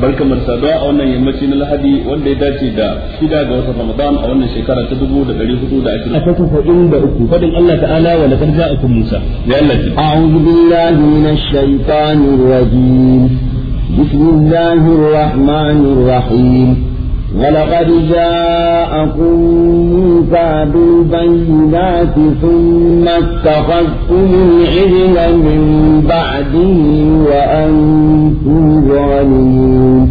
barka mu a wannan yammaci na lahadi wanda ya dace da shida ga watan ramadan a wannan shekara ta dubu da ɗari hudu da ashirin a cikin fadin da uku fadin allah ta'ala wa laqad ja'akum musa ya allah ji a'udhu billahi minash shaitanir rajim bismillahir rahmanir rahim ولقد جاءكم موسى بالبينات ثم اتخذتم العلم من بعده وأنتم ظالمون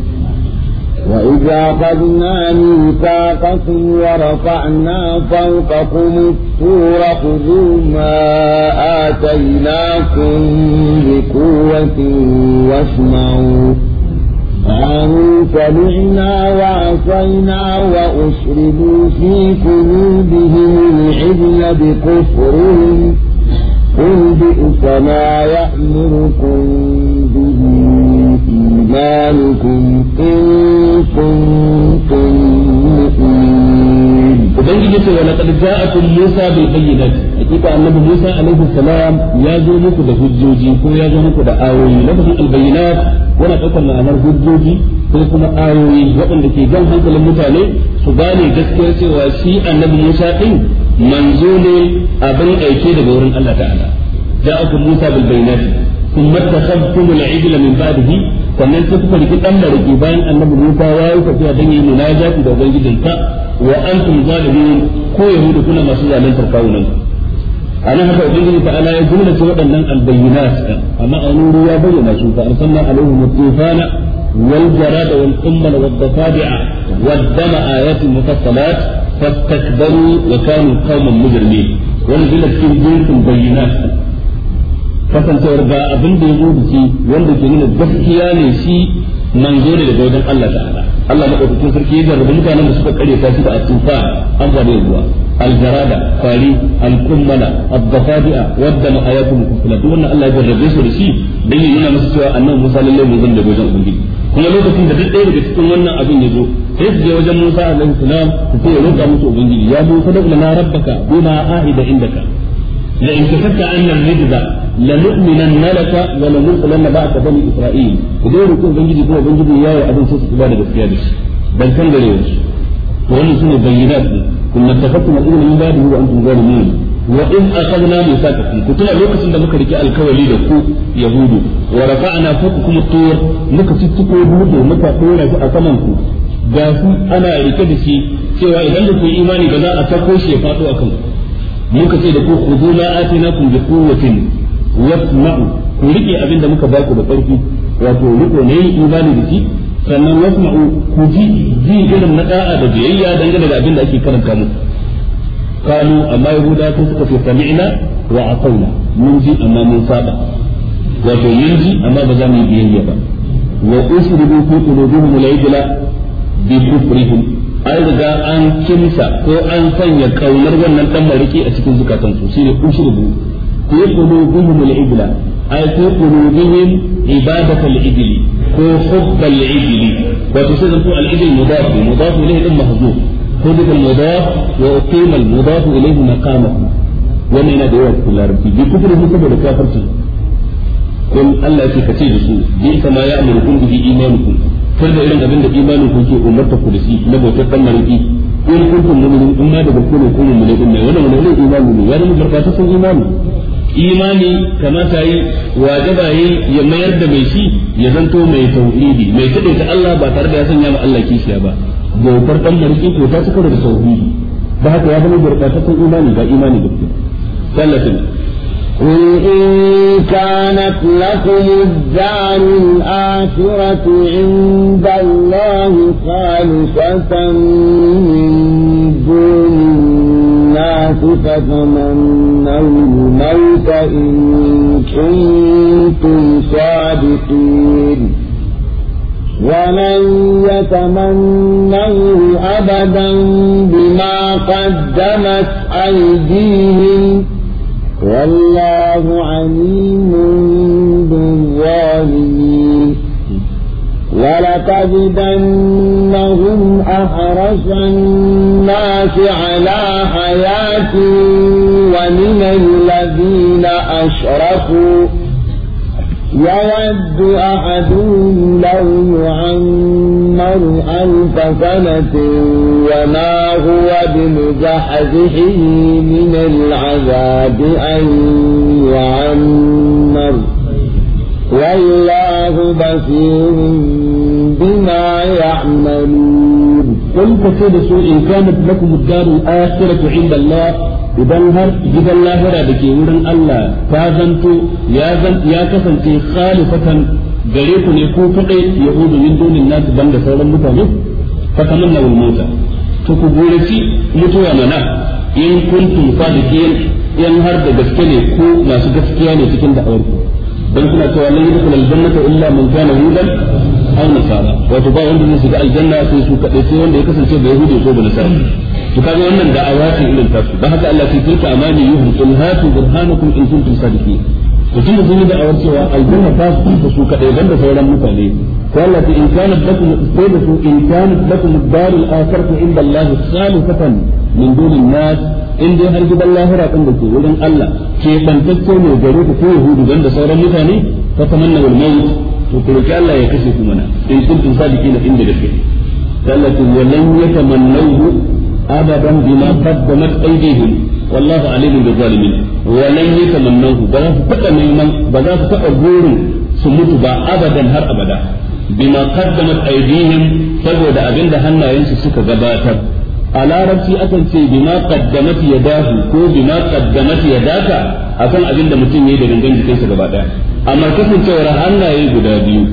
وإذا أخذنا ميثاقكم ورفعنا فوقكم الطور خذوا ما آتيناكم بقوة واسمعوا قالوا سمعنا وعصينا وأشربوا في قلوبهم العجل بكفرهم قل بئس ما يأمركم به إيمانكم إن كنتم ubangiji ce wa laqad ja'akum musa bil bayyinat hakika annabi musa alaihi salam ya zo muku da hujjoji ko ya zo muku da ayoyi lafazin al bayyinat yana daukar ma'anar hujjoji ko kuma ayoyi waɗanda ke jan hankalin mutane su gane gaskiyar cewa shi annabi musa din manzo ne abin aike daga wurin Allah ta'ala ja'akum musa bil bayyinat ثم اتخذتم العجل من بعده sannan sai suka riki dan mariki bayan annabi Musa ya yi tafiya dan yi munajati da ta wa antum zalimin ko yahudu kuna masu zaluntar kawunan ana haka ubangiji ta ala ya gina ce waɗannan albayyinat amma a nuru ya bayyana su fa arsalna alaihim tufana wal jarada wal qummal wad dafadi'a wad dama ayatin mufassalat fastakbaru wa kanu qauman mujrimin wannan dukkan jinsin bayyinat kasancewar ba abin da ya zo shi wanda ke nuna gaskiya ne shi nan zo ne daga wajen Allah ta'ala Allah madaukakin sarki ya jarrabu mutanen da suka kare ta shi da atufa an ba da ruwa aljarada fari alkummala abdafadi'a wadda ma ayatu mukfila duk wannan Allah ya jarrabe su da shi dan yi nuna musu cewa annabi Musa lalle mun zan da wajen ubangiji kuma lokacin da duk ɗaya daga cikin wannan abin ya zo sai su je wajen Musa alaihi salam su ce ya roƙa musu ubangiji ya Musa da lana rabbaka bima a'ida indaka la in kafaka anna rijza لنؤمنن لك ولنرسلن بعد بني اسرائيل idan rukun ubangiji ko ubangiji ya yi abin sai su ba da gaskiya da shi dan kan gare shi to wannan sune bayyinat ne kun tafattu ma ilmin ba da an tun gari mun wa in akhadna misaqakum ku tuna lokacin da muka rike alkawari da ku yahudu wa rafa'na fukum tur muka tuttuko dutse muka dora shi a saman ku ga su ana rike da shi cewa idan da ku imani ba za a sako shi ya fado akan muka ce da ku khuduna atinakum bi quwwatin wasma'u ku rike abin da muka ba ku da ƙarfi wato riko ne imani da shi sannan wasma'u ku ji ji irin na da'a da biyayya dangane da abin da ake karanta mu kanu amma yahuda sun suka ce sami'na wa asauna mun ji amma mun saba wato mun ji amma ba za mu yi biyayya ba wa usribu fi qulubihim al-ijla bi kufrihim an riga an kimsa ko an sanya kaunar wannan dan mariki a cikin zukatansu shine usribu في قلوبهم العجلة أي في قلوبهم عبادة العجل وحب العجل وتسير العجل مضاف مضاف إليه إما مهزوم حدث المضاف وأقيم المضاف إليه مقامه ومن ينادي في العربي بكفره سبب كافرته قل الله يكفي كثير رسول بئس ما يأمركم به إيمانكم فرد إلى أبن إيمانكم كي أمرتكم رسيل نبو تتمر فيه إن كنتم مؤمنين إما دبكم يكونوا من إيمان ولا من إيمان ولا من بركاته إيمان imani ta yi wajaba yi ya mayar da mai shi ya zanto mai tauhidi mai kaɗai ta Allah ba tare da ya sanya ma Allah kishiya ba gautar dan mariki ko ta cika da tauhidi ba haka ya zama gurbataccen imani ba imani da kuma قل إن كانت لكم الدار الآخرة عند الله خالصة من دون الناس فتمنوا الموت إن كنتم صادقين ومن يتمنوا أبدا بما قدمت أيديهم والله عليم بالظالمين ولتجدنهم أحرص الناس على حياة ومن الذين أشركوا يود أحدهم لو يعمر ألف سنة وما هو بمزحزحه من العذاب أن يعمر والله بصير بما يعملون قل كفيد سوء إن كانت لكم الدار الآخرة عند الله idan har gidan lahira da ke wurin Allah ta zanto ya kasance khalifatan gare ku ne ko kadai yahudu min dunin nasu banda sauran mutane fa tamanna wal mauta to ku gurafi mutuwa mana in kuntum sadiqin in har da gaske ne ko masu gaskiya ne cikin da'awar ku dan kuna cewa lan yadkhul al jannata illa man kana hudan aw nasara wato ba wanda zai shiga aljanna sai su kadai sai wanda ya kasance bai hude ko ba nasara to kaga wannan da'awa ce irin ta su dan haka Allah ya tilka amani yuhum qul hatu burhanakum in kuntum sadiqin to tun da sun yi da'awar cewa aljanna ta su da su kadai banda sauran mutane ko Allah ta in kana lakum sai da su in kana lakum darul akhiratu inda Allah salifatan min dunin nas in dai har gidan lahira kan da ke wurin Allah ke bantacce ne gare ku ko yahudu banda sauran mutane fa tamanna al-maut to roki Allah ya kashe ku mana in kuntum sadiqin da gaske Allah ku walan yatamannahu abadan bima qaddamat aydihim wallahu alimun bil zalimin walan yatamannahu ba za su taba neman ba za ku taba gurin su mutu ba abadan har abada bima qaddamat aydihim saboda abinda hannayensu suka gabatar a larabci akan ce bima qaddamat yadahu ko bima qaddamat yadaka akan abinda mutum ya yi da gangan jikinsa gaba daya amma kasancewar hannaye guda biyu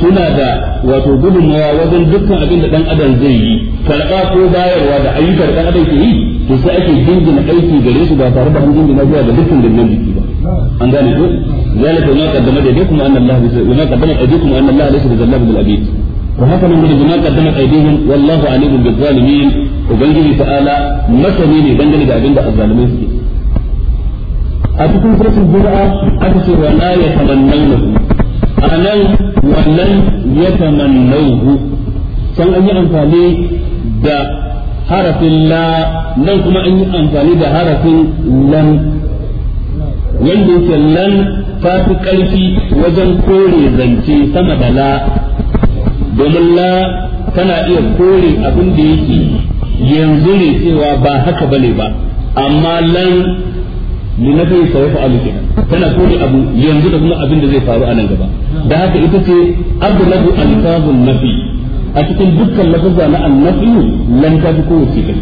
suna da wato gudunmawa wajen dukkan abin da dan adam zai yi karɓa ko bayarwa da ayyukan dan adam ke yi to sai ake jingina aiki gare su ba tare da an jingina zuwa ga dukkan gangan jiki ba an gane ko zalika ma qaddama da kuma anna Allah bi ma qaddama ajikum anna Allah laysa bizallab bil abid wa haka nan gudu ma qaddama aidihim wallahu alimun bil zalimin ubangiji ta'ala masani ne dangane da abin da azzalimai suke a cikin suratul jumu'a aka ce wala yatamannawhu anan wannan hu san an yi amfani da harafin la nan kuma an yi amfani da harafin lan wanda yake lan ta fi ƙarfi wajen kore zance sama da la domin la tana iya kore abin da yake yanzu ne cewa ba haka bane ba amma lan li nafi sayfa'alu kenan tana kore abu yanzu da kuma abin da zai faru a nan gaba da haka ita ce ablagu alfazun nafi a cikin dukkan lafazza na annabi lan ta ji kowace kai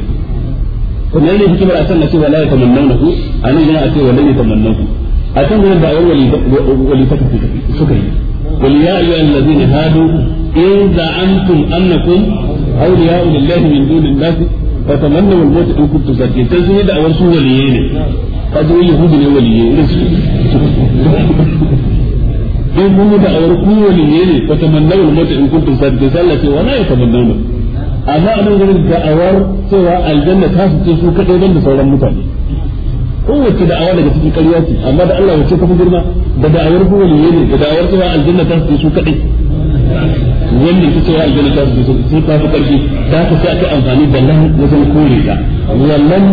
kuma ne hikimar a can na cewa la yatamannawnahu anan yana a cewa lan yatamannahu a can gurin da ayar wali ta suka yi wali ya ayyuhal ladina hadu in za'antum annakum awliya'u lillahi min dunin nasi fa tamannu al mawt in sai sun da'awar su waliye ne ka zo yahudu ne waliye ne in kun yi da'awar ku waliye ne fa tamannu al mawt in kuntu zakiya ya tamannu amma a nan gurin da'awar cewa aljanna ta fice su kadai don da sauran mutane kowace da'awa daga cikin ƙarya ce amma da Allah wace girma da da'awar ku waliye da da'awar aljanna su wannan ita ce aljanna ta su sun ta su karfi da ta sai aka amfani da nan wajen kore ta wallan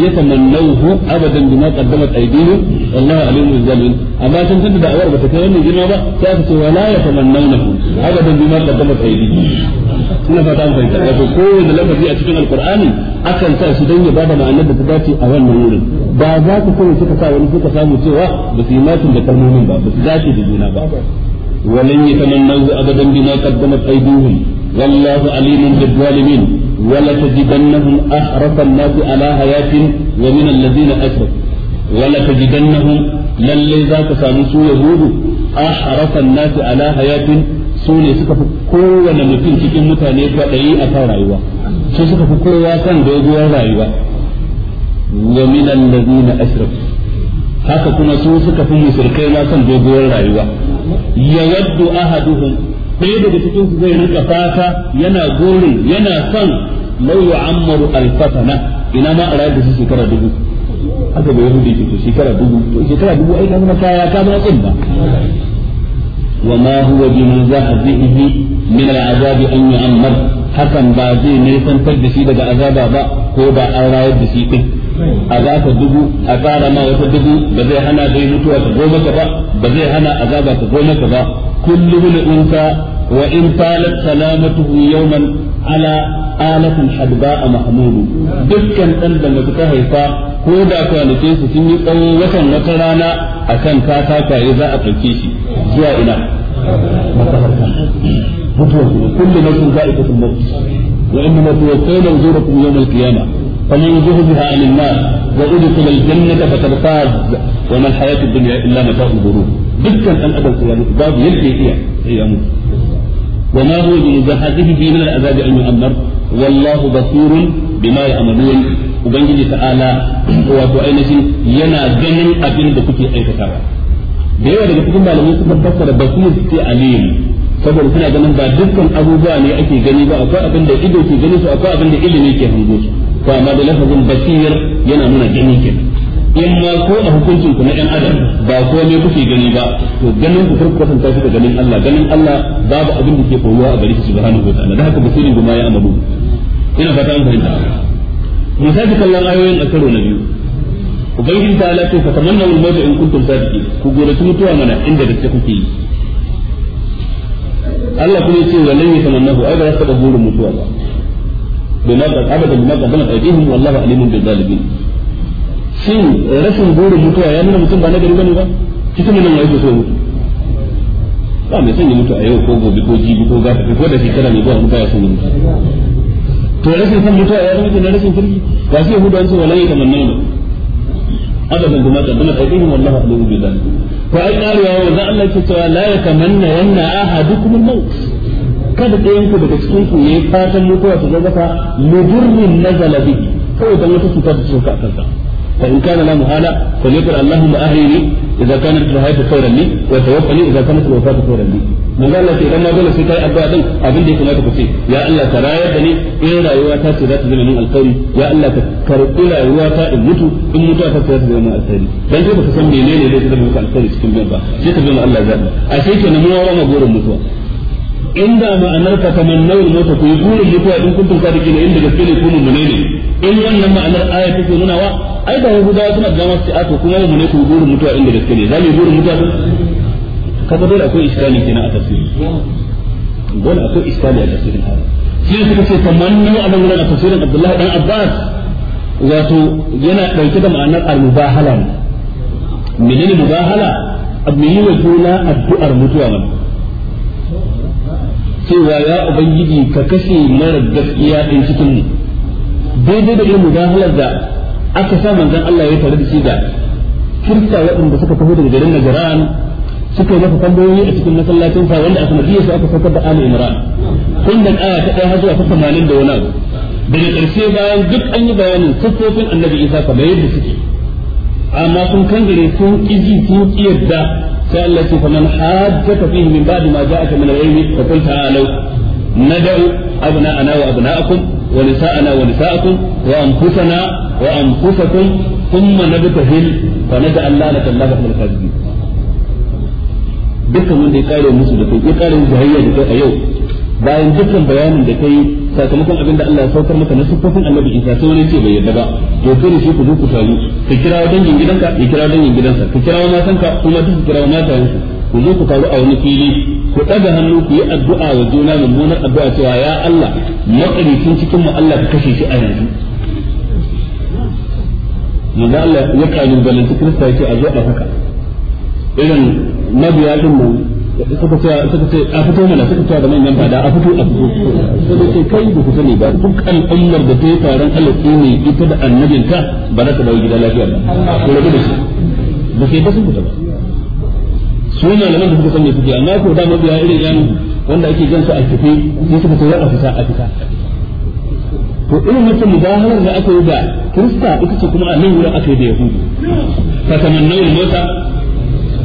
yatamannawhu abadan bima qaddamat aydihim wallahu alimun bil zalimin amma tun tunda da awar bata kai wannan girma ba sai aka ce wala yatamannawhu abadan bima qaddamat aydihim ina fata an fahimta wato kowane lafazi a cikin alqur'ani akan sa shi dan ya bada ma'anar da ta dace a wannan wurin ba za ku kawai suka sa wani suka samu cewa ba su yi matin da kalmomin ba ba su dace da juna ba ولن يتمنوا أبدا بما قدمت أيديهم والله عليم بالظالمين ولتجدنهم أحرص الناس على حياة ومن الذين أشركوا ولتجدنهم للي ذاك سامسوا يهود أحرص الناس على حياة su suka fi kowane mutum cikin mutane kwaɗayi a kan rayuwa su suka fi kowa kan doguwar rayuwa wa min allazina haka kuma su suka fi musulkai ma kan doguwar rayuwa ya yawaddu ahaduhum sai daga cikin su zai rinka fata yana gori yana son law yu'ammaru alfatana ina ma a rayar da shi shekara dubu haka bai yahudi ce to shekara dubu to shekara dubu ai kana kaya ka ba. tsimba wa ma huwa bi muzahihi min al'azab an yu'ammar hakan ba zai ne san da shi daga azaba ba ko ba an rayar da shi din a za ka dubu a tsara ma wata dubu ba zai hana dai mutuwa ta zo maka ba ba zai hana azaba ta zo maka ba kullu unsa wa in talat salamatuhu yawman ala alatin hadba a mahmudu dukkan dan da mutu ta haifa ko da kwanake su sun yi tsawon watan wata rana a kan akan katakaye za a ɗauke shi zuwa ina mutuwa na kullu nafsin za'iqatul maut wa innamal tuwaffawna ujurakum yawmal qiyamah فمن زهدها عن النار وأدخل الجنة فقد فاز وما الحياة الدنيا إلا متاع الغرور دكا أن أدى القيامة باب يلقي فيها قيامه وما هو بمزحزحه من العذاب أن يؤمر والله بصير بما يعملون ubangiji ta'ala wato ainihin yana ganin abin da kuke aikatawa da yawa daga cikin malamai suka fassara basir ce alim saboda suna ganin ba dukkan abubuwa ne ake gani ba akwai abin da ido ke gani su akwai abin da ilimi ke hango su to amma da lafazin basir yana nuna gani kenan in ma ko a hukuncin ku na ɗan adam ba me kuke gani ba to ganin ku kurku kwatanta shi da ganin Allah ganin Allah babu abin da ke koyuwa a gare shi subhanahu wa ta'ala da haka basirin guma ya amalu ina fata an fahimta mu sake kallon ayoyin a karo na biyu ubangiji ta ala ce fa tamanna wal mawt in kuntum sadiqin ku gore tuwa mana inda da kuke yi Allah kuma ya ce wallahi tamannahu ai ba za ta burin mutuwa ba bima abada bima qaddama aydihim wallahu alimun bil zalimin shin rashin burin mutuwa ya nuna mutum ba na gari bane ba cikin nan ya so mutu ba mai son ya mutu a yau ko gobe ko jibi ko gata ko da shekara mai zuwa mutuwa ya son to rashin mutuwa ya zama na rashin kirki ba sai yahudu an ce wala yaka mannan abadan bima qaddama aydihim wallahu alimun kada ɗayan ku daga cikin ku yayi fatan mutuwa ta zaka mudurrin nazala bihi kawai dan wata cuta ta soka kansa fa in kana la muhala fa yakul allahumma ahrini idza kanat al-hayatu khayran li wa tawaffani idza kanat al-wafatu khayran li mun ga Allah idan ma dole sai kai addu'a din abin da ya kamata ku ce ya Allah ka rayar da ni in rayuwa ta ce za ta zama min alkhairi ya Allah ka karbi rayuwa ta in mutu in mutuwa ta ce za ta zama min alkhairi dan kai baka san menene zai zama min alkhairi cikin biyan ba sai ka zama Allah zabi a sai kenan mu wa ma gurin mutuwa inda ma'anar ka nau'in mota ku yi burin mutuwa in kuntum sadiqina inda gaske ne kuma mune ne in wannan ma'anar aya take nuna wa ai da yahudawa suna da masu ato kuma mu ne ku yi burin mutuwa inda gaske ne za mu yi burin mutuwa kaga dole akwai iskali na a tafsiri dole akwai iskali a tafsirin haka shi ne suka ce tamannu a nan wurin a tafsirin Abdullahi dan Abbas wato yana ɗauke da ma'anar al-mubahala ne menene mubahala abu yi wa juna addu'ar mutuwa mana cewa ya ubangiji ka kashe mara gaskiya din cikin mu daidai da da halar da aka sa manzon Allah ya tare da shi da kirka waɗanda suka taho daga garin Najran suka masa tambayoyi a cikin masallacin sa wanda a sanadiyar su aka saukar da Ali Imran kun da aya ta ɗaya har zuwa ta 80 da wani daga ƙarshe bayan duk an yi bayanin kafofin Annabi Isa kamar yadda suke amma sun kangare sun kiji sun yadda. sai Allah ce faman hajjaka fihi min ba'di ma ja'aka min al fa qul ta'alu nad'u abna'ana wa abna'akum wa nisa'ana wa nisa'akum wa anfusana wa anfusakum thumma nabtahil fa naj'al lana min al dukkan wanda ya kare musu da kai ya kare musu hayya da kai a yau bayan dukkan bayanin da kai sakamakon abin da Allah ya saukar maka na sufofin annabi Isa sai wani ce bai yarda ba to kai shi ku zo ku taru ka kira dangin gidanka ya kira dangin gidansa ka kira matanka kuma duk kira matayensu ku zo ku taru a wani fili ku ɗaga hannu ku yi addu'a wa juna mummunar addu'a cewa ya Allah makaricin cikin mu Allah ka kashe shi a yanzu da Allah ya kalubalanci Kirista ya ce a zo a haka irin mabiya din mu suka ce suka ce a fito mana suka ce da manyan fada a fito a fito suka ce kai da ku sani ba duk al'ummar da ta yi taron alaƙi ne ita da annabinka ba za ta dawo gida lafiya ba ko rabu da shi ba sai ba sun fita ba su ne malaman da suka sani suke amma ko da mabiya irin yan wanda ake jan su a tafi sai suka ce a fita a fita to irin wata mubaharar da aka yi da kirista ita ce kuma a nan wurin aka yi da yahudu fatamannu mota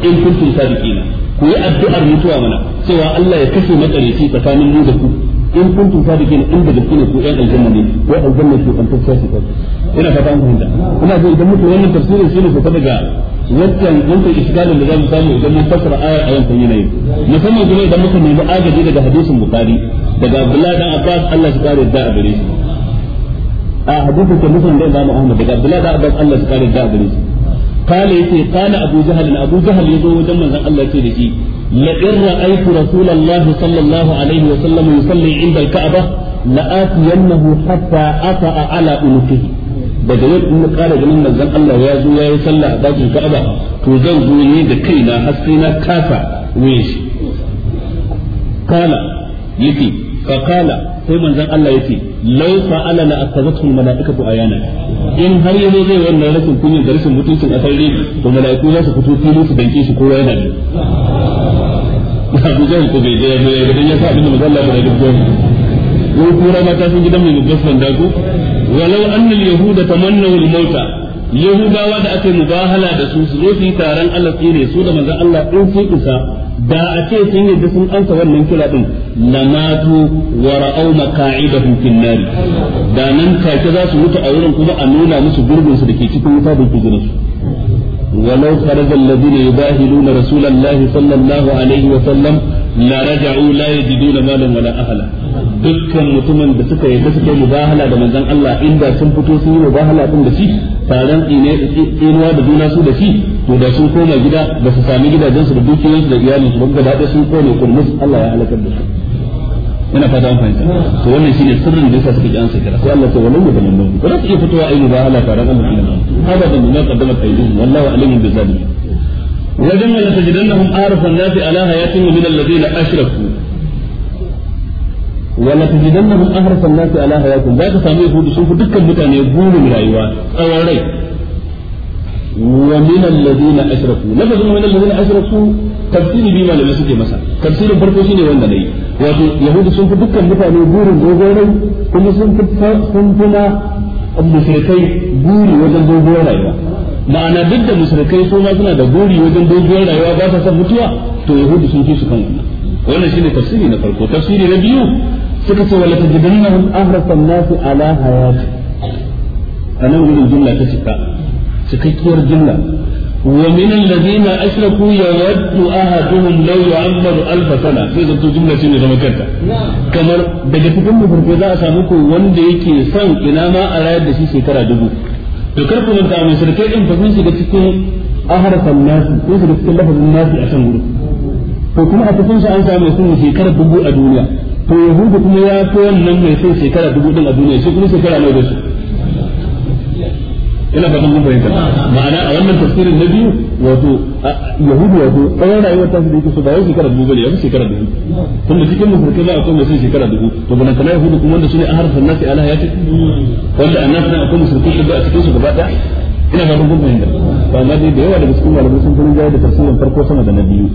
in kuntum sadiqina ku yi addu'ar mutuwa mana cewa Allah ya kashe matsarici tsakanin mu da ku in kuntum sadiqin in da gaske ku ɗan aljanna ne ko aljanna ku kan tafiya su ina fata an fahimta ina ga idan muke wannan tafsirin shine ko daga wannan wannan isgalin da zamu samu idan mun fassara ayar ayan kan yana yi musamman kuma idan muka nemi agaji daga hadisin bukhari daga abdullahi dan abbas Allah ya kare da gare a hadisin da musulmi da Imam daga abdullahi dan abbas Allah ya kare da gare قال يتي قال أبو جهل أبو جهل يزو وجمع الله تيرجي لئن رأيت رسول الله صلى الله عليه وسلم يصلي عند الكعبة لآتينه حتى أطأ على أنفه daga yau in kara ganin manzon Allah ya zo yayi sallah a bakin Ka'aba to zan zo ne da kaina har sai na shi sai manzon Allah yace law fa'ala la malaika malaikatu ayana in har yazo zai wannan rashin kunya da rashin mutuncin a sarri to malaiku za su fito fili su danke shi kowa yana da Abu Jahl ko bai da ya da ya sa abin da manzon Allah da ga ko kura mata sun gidan mai babban sanda ko walau annal yahuda tamannu al-mauta yahudawa da aka yi mubahala da su su zo su yi taron Allah tsire su da manzon Allah in sun isa da a ce sun yadda sun ansa wannan kira din lamatu wa ra'aw maqa'idahum fin nar da nan take za su mutu a wurin kuma a nuna musu gurbin su dake cikin wuta da ke jira su ولو خرج الذين يباهلون رسول الله صلى الله عليه وسلم لرجعوا لا يجدون مالا ولا أهلا dukkan mutumin da suka yi suka yi mubahala da manzon Allah inda sun fito sun yi mubahala din da shi taron tsinuwa da juna su da shi to da sun koma gida ba su sami gidajen su da dukiyoyin su da iyalin su ba da sun kone mus Allah ya halaka da su ina fata an fahimta to wannan shine sirrin da yasa suka ji an sai kira sai Allah ta walau da nan ba za su iya fitowa ayi mubahala taron Allah hada da mun kaddama tayyibin wallahu alimun bi zalimi وجمع لتجدنهم أعرف nafi على حياة min alladhina أشركوا wala tajidannahum ahrasan nas ala hayatin samu yahudu sun fi dukkan mutane burin rayuwa tsawon rai wa min alladhina ashraku lafazin min alladhina ashraku tafsiri bi malamai suke masa tafsirin farko shine wanda nayi wato yahudu sun fi dukkan mutane burin dogon rai kuma sun fi sun fi na buri wajen dogon rayuwa ma'ana duk da mushrikai su ma suna da buri wajen dogon rayuwa ba sa son to sun fi wannan shine tafsiri na farko tafsiri na biyu suka ce wala tajidunahum ahrasan nasi ala hayati anan gudun jumla ta cika cikakkiyar jumla ومن الذين أشركوا يود أحدهم لو يعمر ألف سنة sai zato jumla ce ne zama kanta kamar daga cikin mafarko za a samu ko wanda yake son ina ma a rayar da shi shekara dubu to kar ku manta mai shirkai din fa sun shiga cikin aharfan nasu sun shiga cikin lafazin nasu a can gudu to kuma a cikin shi an samu sun shekara dubu a duniya to yahudu kuma ya fi wannan mai sai shekara dubu ɗin a duniya shi kuma shekara nawa da su ina fatan mun fahimta ma'ana a wannan tafsirin na biyu wato yahudu wato tsawon rayuwar ta da yake so ba wai shekara dubu bane fi shekara dubu tunda cikin musulmai za a kuma sai shekara dubu to ban kana yahudu kuma wanda ne a harfin nasi ala ce wanda na akwai musulmai da a cikin su gaba ɗaya ina ga dukkan bayan da ba na dai da yawa daga cikin malamai sun kuma jawo da tafsirin farko sama da na biyu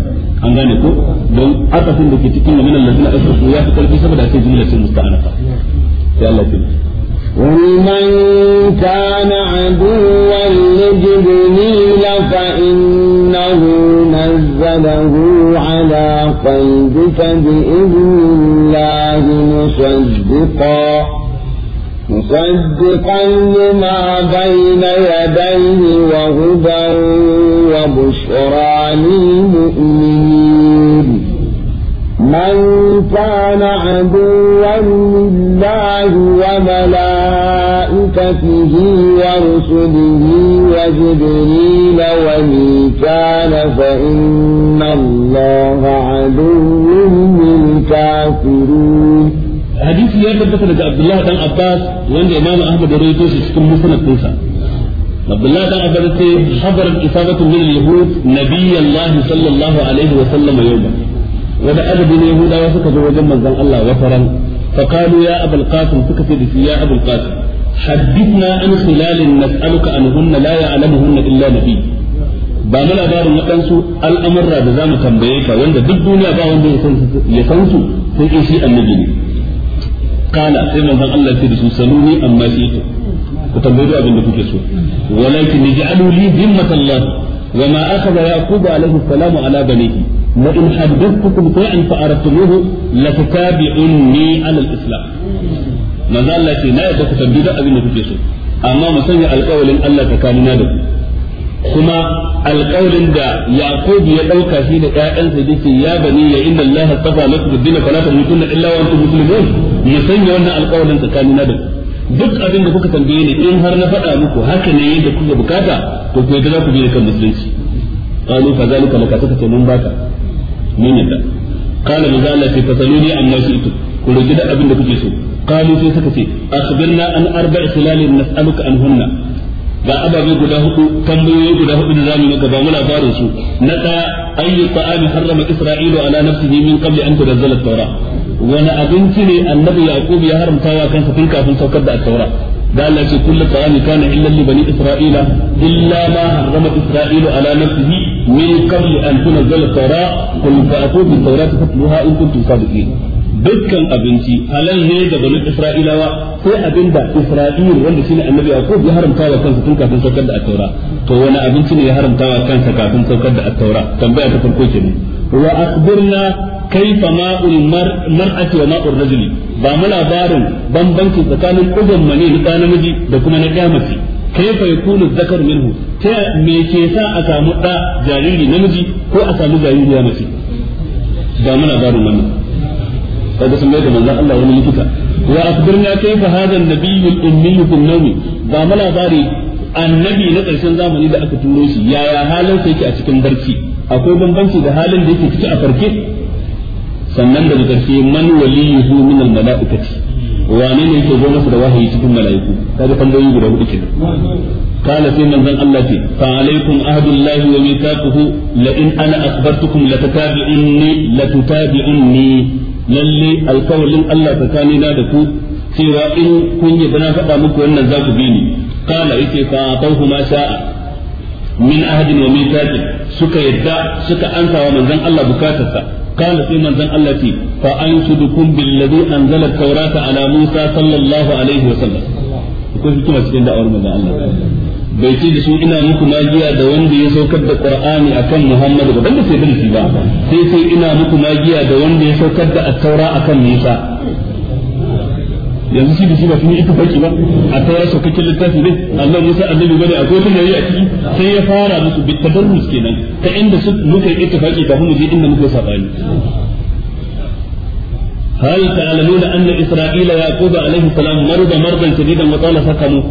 an gane ko don akasin da ke cikin min allazina asrafu ya fi karfi saboda sai jumla ce musta'anafa sai Allah ya ومن كان عدوا لجبريل فإنه نزله على قلبك بإذن الله مصدقا مصدقا لما بين رسله وجبريل وميكان فإن الله عدو للكافرين hadisi ya tabbata daga Abdullah dan Abbas wanda Imam Ahmad ya rawaito cikin musnad dinsa Abdullah dan Abbas ce habar isabatu min al-yahud nabiyallahi sallallahu alaihi wa sallam yawma wanda adabin yahudawa suka zo wajen manzon Allah wataran fa qalu ya abul qasim suka ce da ya حدثنا عن خلال نسألك عنهن لا يعلمهن إلا نبي ba mu labarin waɗansu al'amurra da za mu tambaye ka wanda duk duniya ba wanda ya san su sai in shi annabi ne kala sai manzon Allah sai da su saluni amma shi ku ku tambaye duk abin da kuke so walakin ij'alu li dhimmat Allah wa ma akhadha yaqub alayhi salam ala banihi la in haddathtukum shay'an fa aradtumuhu la tatabi'unni ala al-islam manzo Allah ce na yadda ku tambi duk abin da kuke so amma mu sanya alƙawalin Allah tsakanina da ku kuma alƙawalin da Yaqub ya dauka shi da ƴaƴansa yake ya bani ya inna Allah astafa lakum ad fala tamutunna illa wa antum muslimun mu sanya wannan alƙawalin tsakanina da ku duk abin da kuka tambaye ni in har na faɗa muku haka ne yadda kuka bukata to ku yadda za ku bi kan musulunci قالوا فذلك لك سكت من باكا من يدى قال بذلك فسلوني عما شئتم كل كده أبن كتيسو qalu sai suka ce akhbirna an arba'i khilalin nas'aluka anhunna ga ababe guda hudu tambayoyi guda hudu da zamu gaba mu labarin su na daya ayyu ta'ami harrama isra'ilu ala nafsihi min qabli an tunzala at-taura wani abinci ne annabi yaqub ya haramta wa kansa tun kafin saukar da at-taura da Allah ce kullu ta'ami kana illa li bani isra'ila illa ma harrama isra'ilu ala nafsihi min qabli an in kuntum dukkan abinci halal ne ga bani isra'ilawa sai abin da isra'il wanda shine annabi yaqub ya haramta wa kansa tun kafin saukar da at-taura to wani abinci ne ya haramta wa kansa kafin saukar da at-taura tambaya ta farko kenan wa akhbirna kaifa ma'ul mar'ati wa ma'ul rajuli ba mu labarin bambanci tsakanin uban mani na namiji da kuma na kyamace kaifa yakunu zakar minhu ta me ke sa a samu da jariri namiji ko a samu jaririya mace ba mu labarin wannan kaga sun mai da manzon Allah wani likita wa akhbirna kayfa hadha an-nabiy al-ummi kunnawi ba mu labari annabi na karshen zamani da aka turo shi yaya halin sa yake a cikin barci akwai bambanci da halin da yake ciki a farke sannan daga karshe man waliyuhu min al-mala'ikati wane ne yake zo masa da wahayi cikin mala'iku kaga tambayoyi guda hudu kenan قال في من ذن الله فيه فعليكم عهد الله وميثاقه لئن انا اخبرتكم لتتابعني لتتابعني lalle alkawalin Allah na da ku cewa in kun yi na faɗa muku wannan za ku bi ni kala yake fa atahu ma sha'a min ahadin wa mithaqi suka yadda suka ansawa manzon Allah bukatarsa kala sai manzon Allah ce fa ansudukum billazi anzala at-taurata ala Musa sallallahu alaihi wa sallam ko hikima cikin da'awar manzon Allah bai ce da su ina muku magiya da wanda ya saukar da qur'ani akan muhammadu ba dan da sai bilisi ba sai sai ina muku magiya da wanda ya saukar da at-taura akan musa yanzu shi da shi ba sun yi ittifaki ba a taura saukakken littafi ne Allah Musa annabi bane akwai wata yayi a ciki sai ya fara musu bitadarrus kenan ta inda su muka yi ittifaki kafin mu je inda muka sabani هل تعلمون أن إسرائيل يعقوب عليه السلام مرض مرضا شديدا وطال سقمه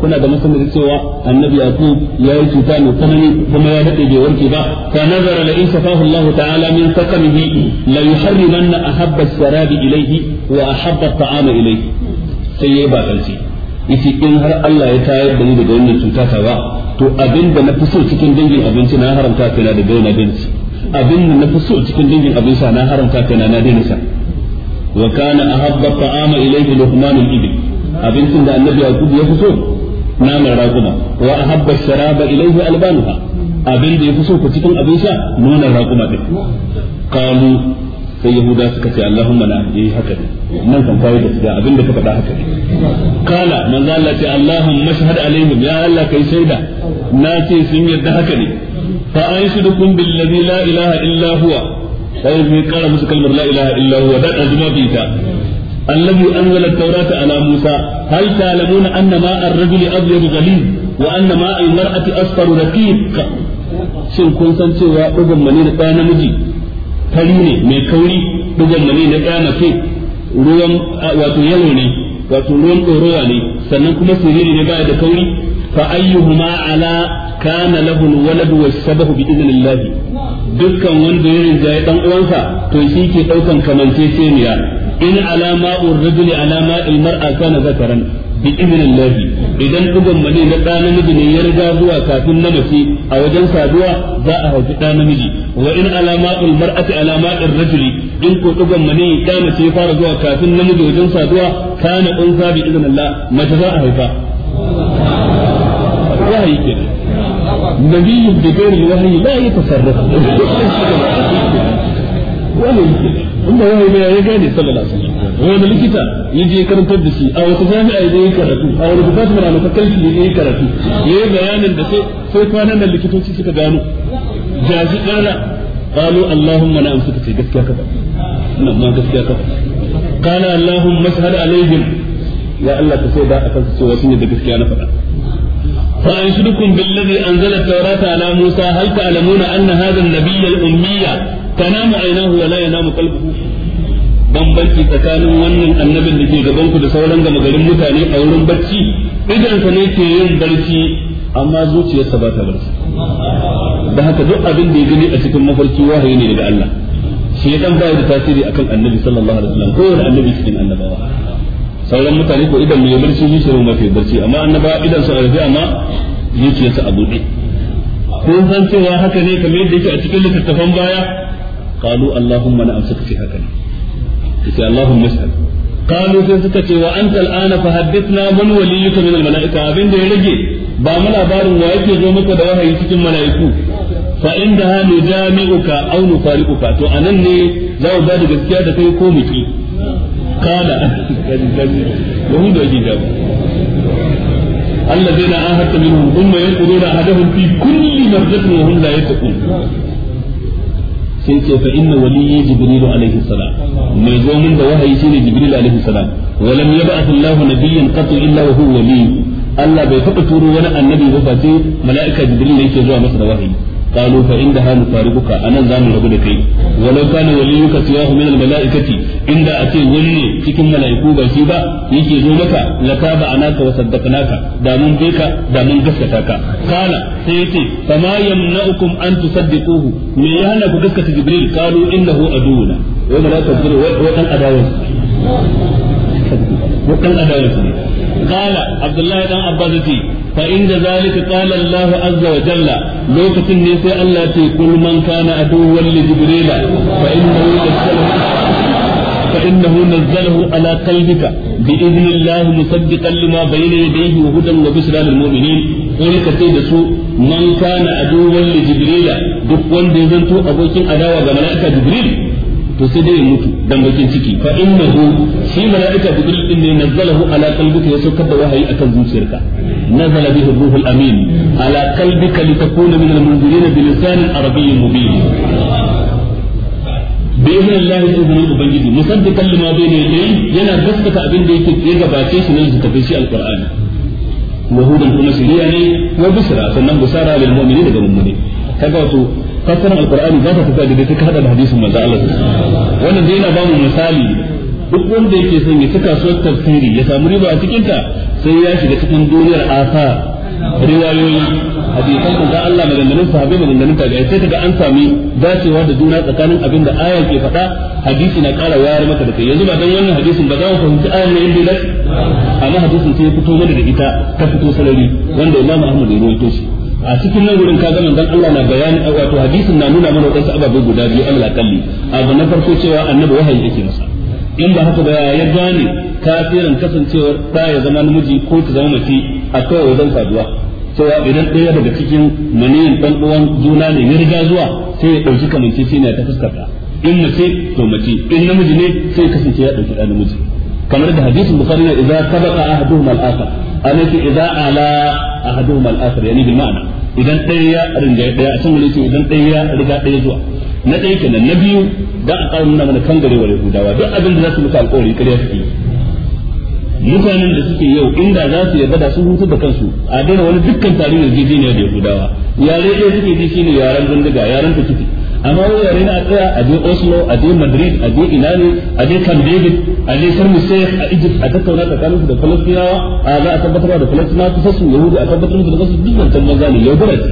kuna da masanin cewa annabi yaqub ya yi cuta mai tsanani kuma ya dade bai warke ba fa nazara la in shafahu Allah ta'ala min saqamihi la yuharrimanna ahabba sharabi ilayhi wa ahabba ta'ama ilayhi sai ya bakalci yace in har Allah ya tayar da ni daga wannan cuta ta ba to abin da na fi so cikin dangin abinci na haramta kaina da daina binci abin da na fi so cikin dangin abinci na haramta kaina na daina sha wa kana ahabba ta'ama ilayhi luqman al-ibil abincin da annabi yaqub ya fi so naman raguma wa ahabba sharaba ilayhi albanuha abin da yafi so ku cikin abin sha nonon raguma din qalu sai yahuda suka ce allahumma la yi haka ne nan kan kai da tiga abin da ka faɗa haka ne kala za Allah ce allahumma shahad alaihim ya Allah kai shaida na ce sun yarda haka ne fa an anshidukum billazi la ilaha illa huwa sai mu kara musu kalmar la ilaha illa huwa da azuma bita الذي أنزل التوراة على موسى هل تعلمون أن ماء الرجل أبيض غليظ وأن ماء المرأة أصفر رقيق shin kun san cewa ɗigon mani na ɗaya namiji fari ne mai kauri ɗigon mani na ɗaya mace ruwan yalo ne wato ruwan ɗorowa ne sannan kuma siriri ne ba da kauri fa ayyuhuma ala kana lahu alwaladu wasabahu bi idnillah dukkan wanda ya rinjaye ɗan uwansa to shi ke daukan kamanceceniya in alama urrajuli alama almar'a kana zakaran bi idnillahi idan dugun mani na ɗa namiji ne ya riga zuwa kafin na mace a wajen saduwa za a hauki ɗa namiji wa in alama almar'ati alama rajuli in ko dugun mani ɗa mace ya fara zuwa kafin namiji wajen saduwa kana unsa bi allah mace za a haifa wahayi kenan nabiyyun bi ghairi wahayi la yatasarraf wahayi kenan inda wani mai ya gane sallallahu alaihi wasallam wani likita ya je karantar da shi a wata jami'a ya yi karatu a wani department a lokacin kanshi ya yi karatu ya yi bayanin da sai sai kwanan nan likitoci suka gano jaji ƙara qalu allahumma na'am suka ce gaskiya kafa nan ma gaskiya kafa qala allahumma ashhad alaihim ya Allah ka sai da akan su cewa sun yi gaskiya na faɗa بالذي أنزل التوراة على موسى هل تعلمون أن هذا النبي الأمي tanamu ainahu wa yanamu qalbuhu bambanci tsakanin wannan annabin da ke gaban ku da sauran gama garin mutane a wurin barci idan sa ne ke yin barci amma zuciyarsa ba ta barci da haka duk abin da ya gani a cikin mafarki wahayi ne daga Allah shi dan ba da tasiri akan annabi sallallahu alaihi wasallam ko da annabi cikin annabawa sauran mutane ko idan mai barci shi shirin mafi barci amma annaba idan su arfi amma zuciyarsa a buɗe kun san cewa haka ne kamar yadda yake a cikin littattafan baya qalu allahumma na amsaka ce haka ne sai allahumma shahad qalu sai suka ce wa anta al'ana fa haddathna man waliyuka min al-mala'ika abinda ya rage ba mu labarin wa yake zo maka da wahayi cikin mala'iku fa inda ha ka aw nufariquka to anan ne za mu gaskiya da kai ko miki qala yahudu yake jabu الذين عاهدت منهم ثم ينقضون عهدهم في كل مرة وهم لا يتقون sai ce fa inna waliyyi jibril alaihi salam mai zo min da wahayi shine jibril alaihi salam wa lam yab'ath Allah nabiyyan qat illa wa huwa waliyyi Allah bai faɗa turo wani annabi ba face mala'ika jibril ne yake zuwa masa da wahayi قالوا فإنها نفارقك أنا زان ربك ولو كان وليك سواه من الملائكة إن أتي ولي تكن ملائكو بشيبا يجي زومك لتاب عناك وصدقناك دامن بك دامن قسكتاك قال سيتي فما يمنعكم أن تصدقوه من يهنك قسكة جبريل قالوا إنه أدونا وما لا تبدل وكان أداوز وكان أداوز قال عبد الله بن عباس fa inda zalika qala Allahu azza wa jalla lokacin ne sai Allah ce kul man kana aduwwan li jibrila fa innahu fa innahu nazzalahu ala qalbika bi idhnillah musaddiqan lima bayna yadayhi wa hudan wa bushra lil mu'minin qul ka sai da su man kana aduwwan li duk wanda ya zanto abokin adawa ga malaika jibril to sai dai ya mutu dan bakin ciki fa innahu shi malaika jibril din ne nazzalahu ala qalbika ya saukar wahayi akan zuciyarka nazala bihi ruhul amin ala qalbika litakuna min al-munzirin bi mubin yana gaskata abin da yake ya gabace shi ne littafin shi alqur'ani kuma shari'a ne mu'minin daga fassarar alkur'ani za ta tafi da ta hada da hadisin manzo Allah wannan dai yana ba mu misali duk wanda yake son ya cika so tafsiri ya samu riba a cikin ta sai ya shiga cikin duniyar asa riwayoyi hadisan manzo Allah maganganun sahabbai maganganun tabi'ai sai kaga an sami dacewa da juna tsakanin abin da aya ke faɗa hadisi na ƙara wayar maka da kai yanzu ba dan wannan hadisin ba za mu fahimci ayar ne inda amma hadisin sai ya fito mana da ita ta fito sarari wanda Imam Ahmad ya rawaito shi a cikin nan wurin kaga manzon Allah na bayani wato hadisin na nuna mana wadansu ababe guda biyu alal akalli abu na farko cewa annabi wahayi yake masa in ba haka ba ya gane tasirin kasancewar da ya zama namiji ko ta zama mace a kawai wajen saduwa cewa idan ɗaya daga cikin maniyin ɗan uwan juna ne ya riga zuwa sai ya ɗauki kamance shi ne ta fuskar in mace to mace in namiji ne sai kasance ya ɗauki ɗan namiji kamar da hadisin bukhari na idza sabaqa ahaduhum al-akhar anati idza ala ahaduhum al-akhar yani bil ma'ana idan ɗaya ya ringa ɗaya a can wani idan ɗaya ya riga ɗaya zuwa na ɗaya kenan na biyu da a ƙara nuna mana kangare wa yahudawa duk abin da za su muka alƙawari ƙarya suke mutanen da suke yau inda za su yarda da sun hutu da kansu a daina wani dukkan tarihin jijiyar da yahudawa yare ɗaya suke ji shine yaren bindiga yaren ta kifi amma wurare na tsaya a je Oslo a je Madrid a je ina ne a je Camp David a je Sharm a Egypt a tattauna tsakanin su da Falastinawa a za a tabbatar da Falastinawa kusa su Yahudi a tabbatar da su duk wancan maza ne yaudara ce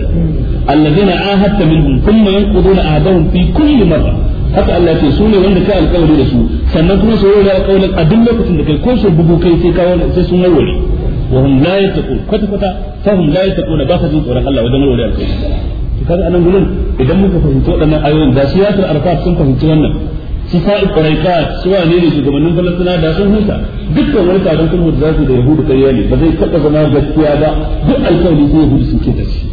alladina ahadta minhum thumma yanquduna ahdahum fi kulli marra haka Allah ce su ne wanda kai alƙawari da su sannan kuma su yi alƙawarin a duk lokacin da kai ko su bugu kai sai kawo sai sun warware wa hum la yattaqun kwata kwata ta hum la yattaquna ba ka jin tsoron Allah wajen warware alƙawari kaga anan gurin idan muka fahimci waɗannan ayoyin da shi yasir arfa sun fahimci wannan su fa'i ƙuraika su wane ne shugabannin falastina da sun huta dukkan wani taron kuma da za da yahudu ƙarya ne ba zai taɓa zama gaskiya ba duk alƙawari sai yahudu sun ke tashi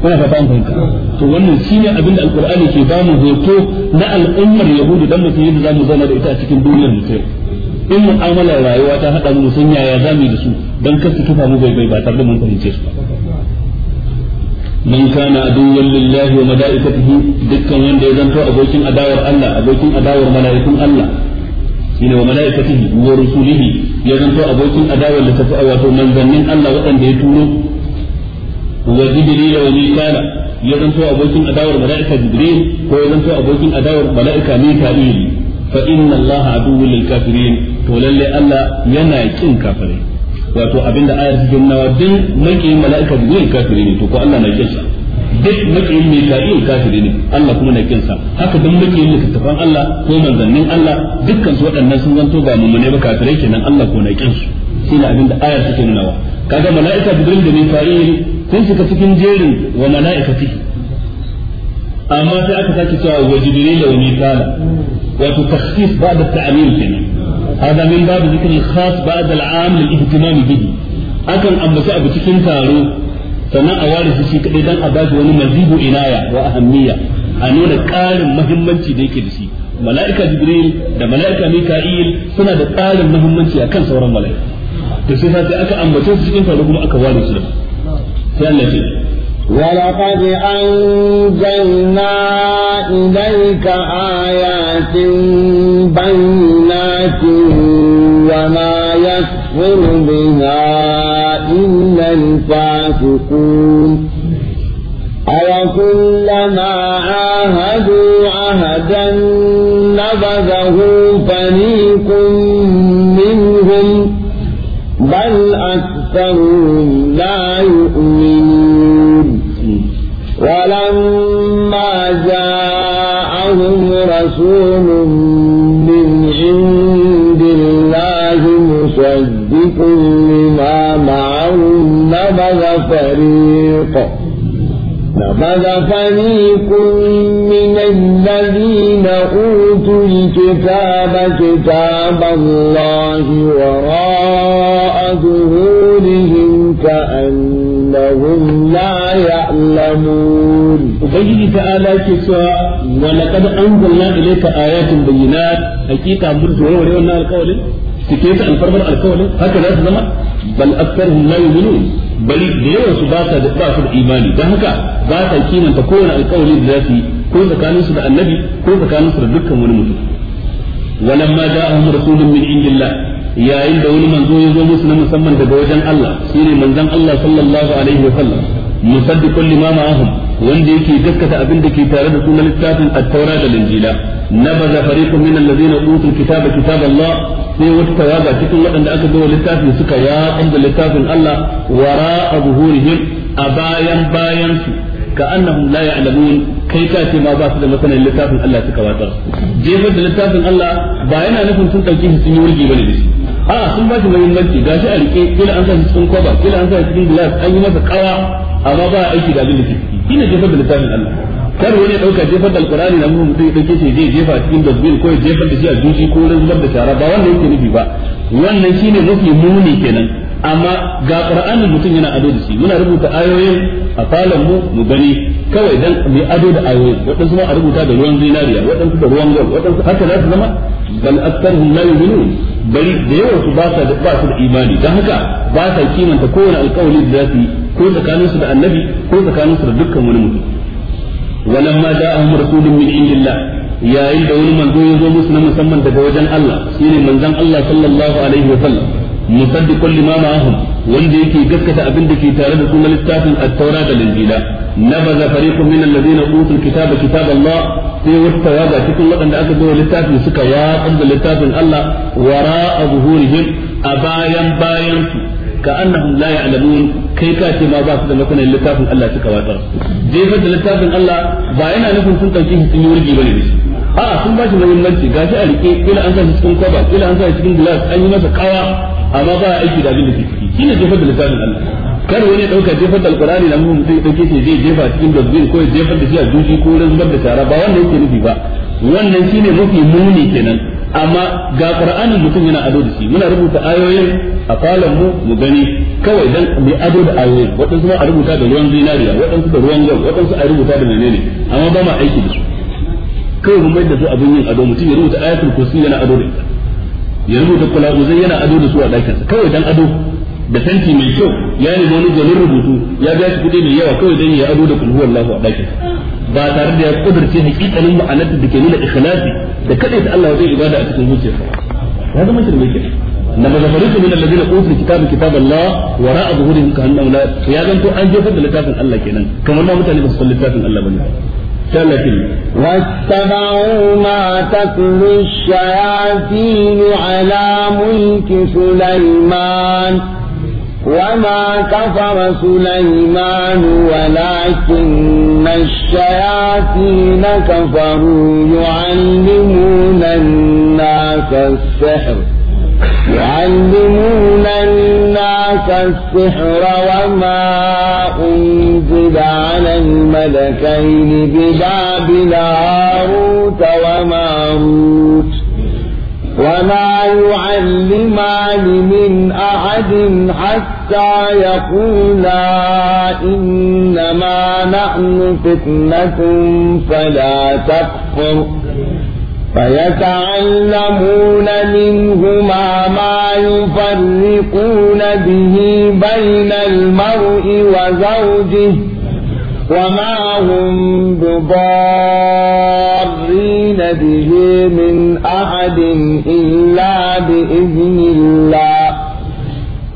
kuna fata an fahimta to wannan shi abin da alƙur'ani ke ba mu hoto na al'ummar yahudu dan mutum yadda za mu zama da ita a cikin duniyar mutum in mu'amalar rayuwa ta haɗa mu san yaya za mu yi da su don kar su tufa mu bai bai ba tare da mun fahimce su ba man kana aduwwan lillahi wa malaikatihi dukkan wanda ya zanto abokin adawar Allah abokin adawar malaikun Allah shine wa malaikatihi wa rusulihi ya zanto abokin adawar da tafi wato manzannin Allah waɗanda ya turo wa jibril wa mikala ya zanto abokin adawar malaika jibril ko ya zanto abokin adawar malaika mika'il fa inna Allah aduwwul lil kafirin to lalle Allah yana kin kafirai wato abinda ayar ta nawa duk makiyin mala'ika jibril kafiri ne to ko Allah na kinsa duk makiyin mika'il kafiri ne Allah kuma na kinsa haka duk makiyin littattafan Allah ko manzannin Allah dukkan su waɗannan sun zanto ba mummune ba kafirai kenan Allah ko na su shine abinda ayar take nawa kaga mala'ika jibril da mika'il sun shiga cikin jerin wa mala'ikatihi amma sai aka sake cewa wa jibril wa mika'il wato takhsis ba da ta'amil kenan hada min babu zikri khas ba'da al'am lil akan ambaci abu cikin taro sannan a ware shi dan a bashi wani mazibu inaya wa ahammiya a nuna ƙarin muhimmanci da yake da shi mala'ika jibril da mala'ika mika'il suna da ƙarin muhimmanci akan sauran mala'ika aka ولقد أنزلنا إليك آيات بينات وما يكفر بها إلا الفاسقون أوكلما عاهدوا عهدا نبذه فريق منهم بل أكثرهم لا يؤمنون رسول من عند الله مصدق لما معهم نبذ فريق نبذ فريق من الذين أوتوا الكتاب كتاب الله وراء يعلمون وبيجي تعالى كسوى ولقد أنزلنا إليك آيات بينات حقيقة من تقول وليونا القول سكيت الفربر القول هكذا زما بل أكثرهم لا يؤمنون بل ديوان سباسة باسة الإيمان ده هكا باسة كينا تكون القول الذاتي كون ذكانوس النبي كون ذكانوس الدكة ونمتو ولما جاءهم رسول من عند الله yayin da wani manzo ya zo musu na musamman daga wajen Allah shine manzon Allah sallallahu alaihi wa sallam musaddiqun lima ma'ahum wanda yake gaskata abin da ke tare da su na littafin at-taura da injila nabaza fariqun min allazina utul kitaba kitaballah sai wata tawaga cikin waɗanda aka zo littafin suka ya da littafin Allah wara'a zuhurihim a bayan bayan su كأنهم لا يعلمون كي تأتي ما باس da مثلا littafin Allah suka watsar jefar da littafin Allah ba yana nufin sun ɗauke shi sun yi wurgi bane a sun ba shi muhimmanci shi a rike kila an sa shi cikin kwaba kila an sa shi cikin glass an yi masa kawa amma ba aiki da abin shi ke ciki jefar da littafin Allah kar wani dauka jefar da alqur'ani na mun mutum ya dauke shi je jefa cikin dustbin ko jefa jefar da shi a juji ko wurin zubar da shara ba wannan yake nufi ba wannan shine mafi muni kenan amma ga qur'anin mutum yana ado da shi muna rubuta ayoyin a falon mu mu gani kawai dan mai ado da ayoyin wadansu ma a rubuta da ruwan zinariya wadansu da ruwan gold wadansu haka za su zama bal aktsaruhum la yu'minun bari da yawan su ba da ba su da imani dan haka ba sa kimanta kowane alƙawari da za su yi ko tsakanin su da annabi ko tsakanin su da dukkan wani mutum walamma ja'ahum rasulun min indillah yayin da wani manzo ya zo musu na musamman daga wajen Allah shine manzon Allah sallallahu alaihi wa sallam musaddiqun limama ahum wanda yake gaskata abin da ke tare da sunan littafin at-taura da linjila nabaza fariqun min alladhina utul kitaba kitab Allah sai wata waga cikin waɗanda aka zo littafin suka yaƙar da littafin Allah wara'a zuhurihim a bayan bayan su كأنهم لا يعلمون كي كاتي ما باسد ما كنا لتافن الله تكواتر دي فد ne الله باينا نفن سنتا فيه سنور جيباني بشي آه an باشي ما يمنشي قاشي ألي إيه إلا أنسا cikin كوبا إلا أنسا سكن جلاس أي مسا قوا أما با أيكي دابين فيكي shine jefar da lisanin Allah kar wani dauka jefar da alqur'ani nan mun sai ɗauke shi zai jefa cikin dustbin ko jefar da shi a dushi ko ran zubar da shara ba wanda yake nufi ba wannan shine mafi muni kenan amma ga qur'anin mutum yana ado da shi muna rubuta ayoyin a falon mu mu gani kawai dan mai ado da ayoyin waɗansu ma a rubuta da ruwan zinariya waɗansu da ruwan gam waɗansu a rubuta da menene amma ba ma aiki da su kawai mun mai da su abin yin ado mutum ya rubuta ayatul kursi yana ado da ita ya rubuta kula zai yana ado da su a ɗakinsa kawai dan ado da fenti mai kyau ya nemi wani gwanin rubutu ya biya shi kuɗi mai yawa kawai dan ya ado da kulhu wallahu a ɗakin ba tare da ya kudurce hakikanin ma'anar da ke nuna ikhlasi da kaɗai da Allah zai ibada a cikin zuciyarsa ya zama shirme kenan لما نفرت من الذين اوتوا الكتاب كتاب الله وراء ظهورهم كانهم لا يا زنتو ان جفت لتافن الله كينان كما ما متاني بس لتافن الله بني ثلاثين واتبعوا ما تتلو الشياطين على ملك سليمان وما كفر سليمان ولكن الشياطين كفروا يعلمون الناس السحر يعلمون الناس السحر وما أنزل على الملكين ببابل هاروت وماروت وما يعلمان من أحد حتى يقولا إنما نحن فتنة فلا تكفر فيتعلمون منهما ما يفرقون به بين المرء وزوجه وما هم بضار به من أحد إلا بإذن الله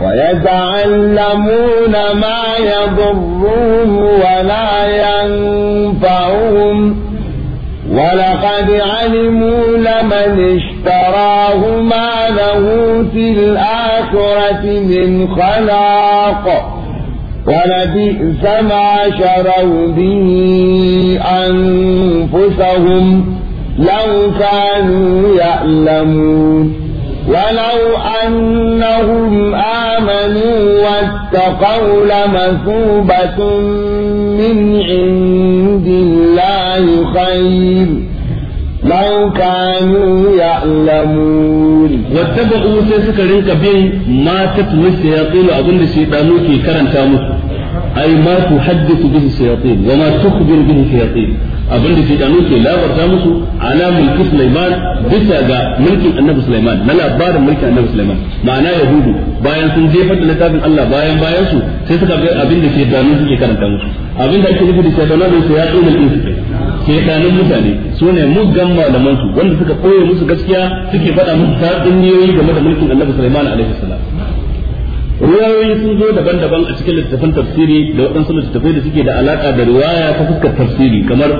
ويتعلمون ما يضرهم ولا ينفعهم ولقد علموا لمن اشتراه ما له في الآخرة من خلاق ولبئس ما شروا به أنفسهم لو كانوا يعلمون ولو أنهم آمنوا واتقوا لمثوبة من عند الله خير لو كانوا يعلمون واتبعوا سيسكرين كبير ما تتوسي يقول أظن سيطانوكي كرن تاموكي ai ma tuhaddisu bihi shayatin wa ma ke labarta musu ala mulki Sulaiman bisa ga mulkin Annabi Sulaiman na labarin mulkin Annabi ma'ana yahudu bayan sun jefar Allah bayan bayan sai suka ga abin da shaytanu karanta musu abin da ake nufi mutane su muggan malaman wanda suka koye musu gaskiya suke faɗa musu tsadin niyoyi da mulkin Annabi Sulaiman riwayoyi sun zo daban-daban a cikin littattafan tafsiri da waɗansu littattafai da suke da alaƙa da riwaya ta fuskar tafsiri kamar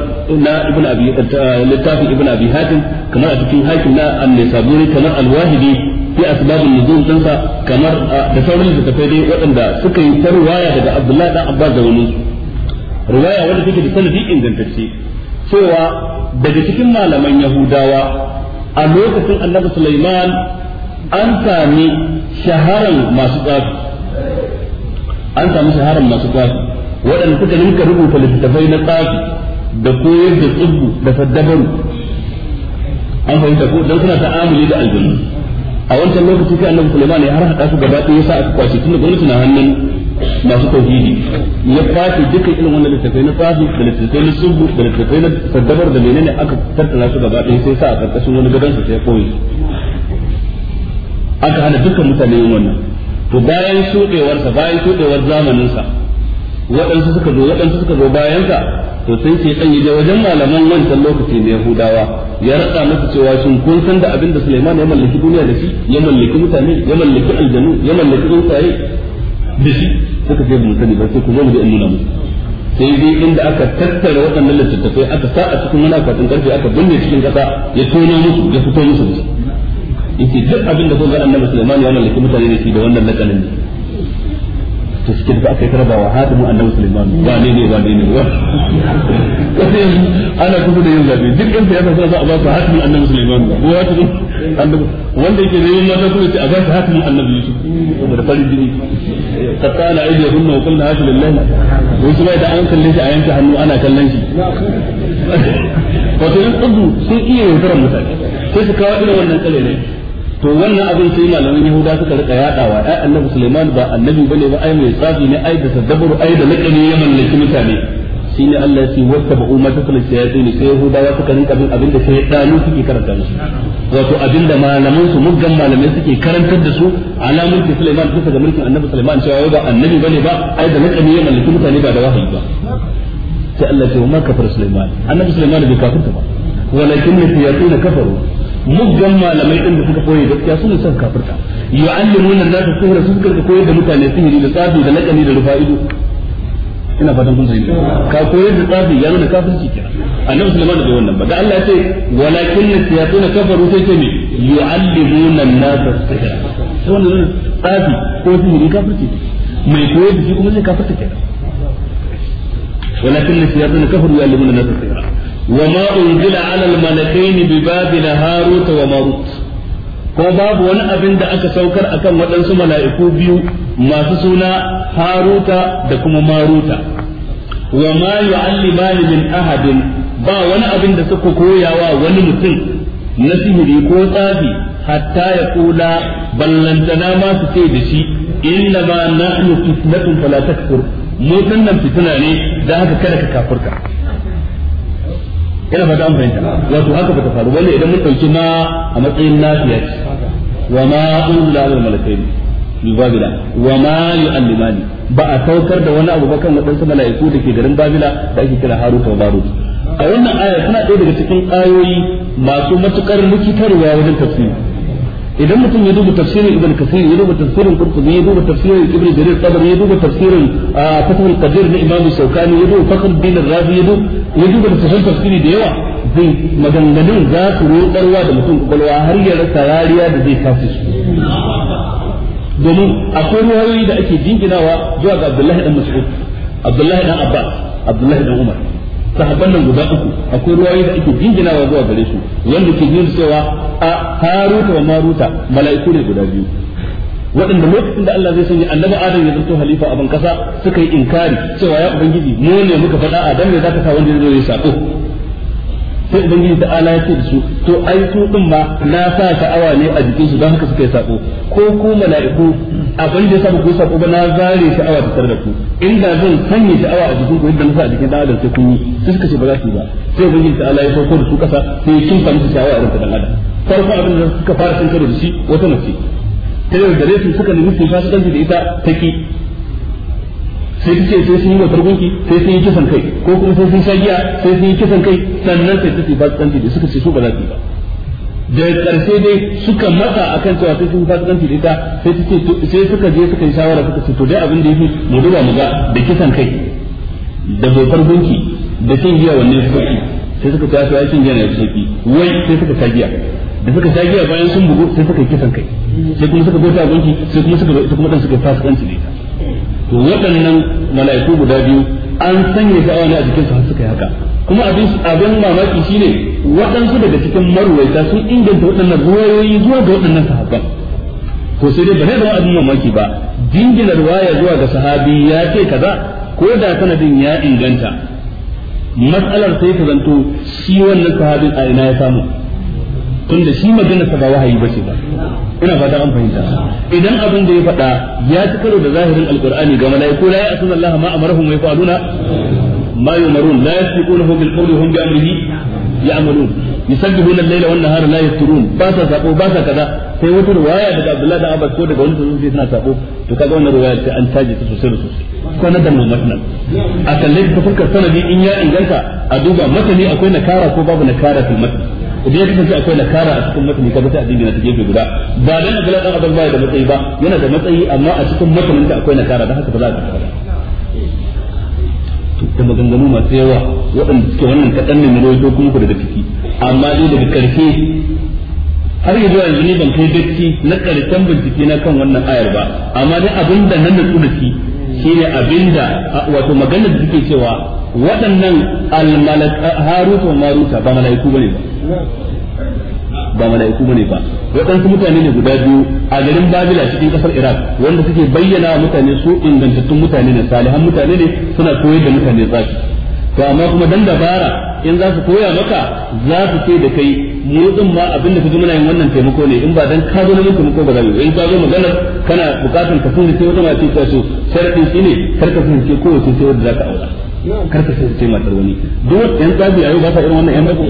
na ibn abi eh, eh, littafin ibn abi hatim kamar a cikin hakim na an-nisaburi kamar al-wahidi fi asbabun nuzul dinsa kamar eh, da sauran littattafai dai waɗanda suka yi ta riwaya daga abdullahi dan abbas da wani riwaya wanda take da sanadi ingantacce cewa daga cikin malaman yahudawa a lokacin annabi sulaiman an sami shaharan masu tsafi an samu shaharan masu tsafi waɗanda suka ninka rubuta littattafai na tsafi da koyar da tsibbu da saddabaru an fahimta ko don suna ta'amuli da aljanu a wancan lokaci sai annabi Sulaiman ya har hada su gaba ɗaya sa aka kwace tunda gwamnati na hannun masu tauhidi ya kwace dukkan irin wannan littattafai na tsafi da littattafai na tsibbu da littattafai na saddabar da menene aka tattala su gaba ɗaya sai sa a karkashin wani gadon su sai koyi aka hana dukkan mutane yin wannan to bayan shudewarsa bayan shudewar zamaninsa waɗansu suka zo waɗansu suka zo bayansa to sai sai dan da wajen malaman wancan lokaci na Yahudawa ya rada musu cewa shin kun san da abin da Sulaiman ya mallaki duniya da shi ya mallaki mutane ya mallaki aljanu ya mallaki tsuntsaye da shi suka ce mun sani ba sai ku zo mu je in nuna musu sai dai inda aka tattara waɗannan littattafai aka sa a cikin wani akwatin karfe aka binne cikin ƙasa ya tono musu ya fito musu da shi yake duk abin da kun ga annabi Sulaiman ya mallaki mutane ne shi da wannan lakanin ne to suke da aka tarba wa hadimu annabi Sulaiman ba ne ne ba ne ne wa ana kuma da yin zabe duk in sai sai za a ba su hadimu annabi Sulaiman ko wato annabi wanda yake da yin mata kuma sai a ba su hadimu annabi Yusuf da farin jini qatala aydihunna wa qulna hadu lillahi wasu bai da an kalle shi a yanka hannu ana kallon shi wato in kudu sun iya yaudarar mutane sai su kawo irin wannan tsare ne to wannan abin sai malaman yahuda suka rika yadawa ai annabi sulaiman ba annabi bane ba ai mai tsafi ne ai da tadabbur ai da lakani ya mallaki mutane shine Allah ya ce wata ba umma ta kula shayatin sai yahuda ya suka rinka bin abin da sai danu suke karanta musu wato abin da malaman su muggan malamai suke karantar da su ala mulki sulaiman bisa ga mulkin annabi sulaiman cewa ba annabi bane ba ai da lakani ya mallaki mutane ba da wahayi ba sai Allah ya ce wa ma kafar sulaiman annabi sulaiman bai kafirta ba walakin na kafaru muggan malamai din da suka koyi gaskiya su ne suka kafirta yu'allimuna an-nasa sihra su suka koyar da mutane sihiri da tsafi da lakani da rufa'idu ina fatan kun fahimta ka koyar da tsafi ya nuna kafirci kenan annabi sulaiman bai wannan ba da Allah ya ce walakin shayatun kafaru sai ce me yu'allimuna an-nasa sihra to wannan tsafi ko sihiri kafirci mai koyar da shi kuma zai kafirta kenan walakin shayatun kafaru yu'allimuna an-nasa sihra وما أنزل على الملكين ببابل هاروت وماروت ko babu wani abin da aka saukar akan waɗansu mala'iku biyu masu suna haruta da kuma maruta wa ma yu'allimani min ahadin ba wani abin da suka koyawa wani mutum na sihiri ko tsafi hatta ya kula ballantana ma su ce da shi inna ba nahnu fitnatun fala takfur mu nan fitina ne da haka kada ka kafurka ina fata an fahimta wato haka bata faru wanda idan mun dauki ma a matsayin nafiya wa ma unzila alal malakaini bi babila wa ma yu'allimani ba a saukar da wani abu ba kan wadansu mala'iku da ke garin babila da ake kira haruta wa barut a wannan aya tana ɗaya daga cikin ayoyi masu matukar rikitarwa wajen tafsiri idan mutum ya duba tafsirin ibn kasir ya duba tafsirin qurtubi ya duba tafsirin ibn jarir tabari ya duba tafsirin ah, fathul qadir na imam shaukani ya duba fakhr bin razi ya duba ya duba tafsirin tafsiri da yawa zai maganganun za su roƙarwa da mutum kwakwalwa har ya rasa rariya da zai kafi su domin akwai ruwayoyi da ake jinginawa zuwa ga abdullahi dan mas'ud abdullahi dan abbas abdullahi dan umar sahabban nan guda uku akwai ruwayoyi da ake jinginawa zuwa gare su wanda ke nuna cewa a haruta wa maruta mala'iku ne guda biyu waɗanda lokacin da Allah zai sanya annabi Adam ya zanto halifa a ban kasa suka yi inkari cewa ya ubangiji mu ne muka faɗa Adam ne zaka sa wanda ya zo ya sako sai yi da ala yake da su to ai su din ma na sa sha'awa ne a jikin su don haka suka yi sako ko ku mala'iku abin da yasa ku sako ba na zare sha'awa ta tare da ku inda zan sanya sha'awa a jikin ku yadda na sa a jikin dan sai kun yi sai suka ce ba za su yi ba sai yi ta ala ya sauko da su kasa sai kin fa musu sha'awa a rinka dan adam farko abin da suka fara sun karo da shi wata mace ta yau da su suka nemi su fasu kansu da ita ta sai ta ce sai sun yi wa targunki sai sun yi kisan kai ko kuma sai sun sha giya sai sun yi kisan kai sannan sai tafi fasikanci da suka ce su ba za su ba da karshe dai suka mata akan cewa sai sun fasikanci da ita sai sai suka je suka yi shawara suka ce to dai abin da yafi mu duba mu ga da kisan kai da dokar gunki da cin giya wannan su sai suka tafi ya cin giya ne su wai sai suka ta giya da suka ta giya bayan sun bugu sai suka yi kisan kai sai kuma suka bota gunki sai kuma suka kuma dan suka fasikanci da ita to waɗannan mala'iku guda biyu an sanya sha'awa wani a jikinsu har suka yi haka kuma abin abin mamaki shine waɗansu daga cikin marwaita sun inganta waɗannan ruwayoyi zuwa ga waɗannan sahabban to sai dai ba zai zama abin mamaki ba jingina ruwaya zuwa ga sahabi ya ce kaza ko da sanadin ya inganta matsalar sai ta zanto shi wannan sahabin a ina ya samu tunda shi maganarsa ba wahayi bace ba ina fata an fahimta idan abin da ya faɗa ya ci karo da zahirin alqur'ani ga malaiku la ya'tuna Allah ma amarahum wa yaf'aluna ma yumarun la yasbiqunahu bil qawli hum bi amrihi ya'malun yusabbihuna al-layla wan nahara la yafturun ba sa sabo ba sa kaza sai wata riwaya daga Abdullah da Abbas ko daga wani sun ce suna sabo to kaga wannan riwaya sai an taje ta sosai da sosai ko na da matnan a kalle ta fuskar sanadi in ya inganta a duba matani akwai nakara ko babu nakara fil matn idan ya kasance akwai nakara a cikin matani ka ta addini na ta gefe guda ba dan Abdullahi dan Abbas bai da matsayi ba yana da matsayi amma a cikin matanin ta akwai nakara dan haka ba za ka ba da maganganu masu yawa waɗanda suke wannan kaɗan ne na ko kuma da daga ciki amma dai daga ƙarshe har yanzu yanzu ne ban kai dacci na ƙarshen bincike na kan wannan ayar ba amma dai abin da nan da su da shi shine abin da wato maganar da suke cewa waɗannan almalaka haruta maruta ba malaiku bane ba ba mala'iku bane ba waɗansu mutane ne guda biyu a garin babila cikin kasar iraq wanda suke bayyana wa mutane su ingantattun mutane ne salihan mutane ne suna koyar da mutane zaki to amma kuma dan dabara in za su koya maka za su ce da kai mu din ma abin da kaji muna yin wannan taimako ne in ba dan ka zo neman taimako ba za mu in ka zo maganar kana bukatun ka sun ce wata mace ta so sharadi shine kar ka sun ce kowace sai wanda za ka aura kar ka sai ce matar wani duk wanda yan tsabi a yau ba sa irin wannan yan mako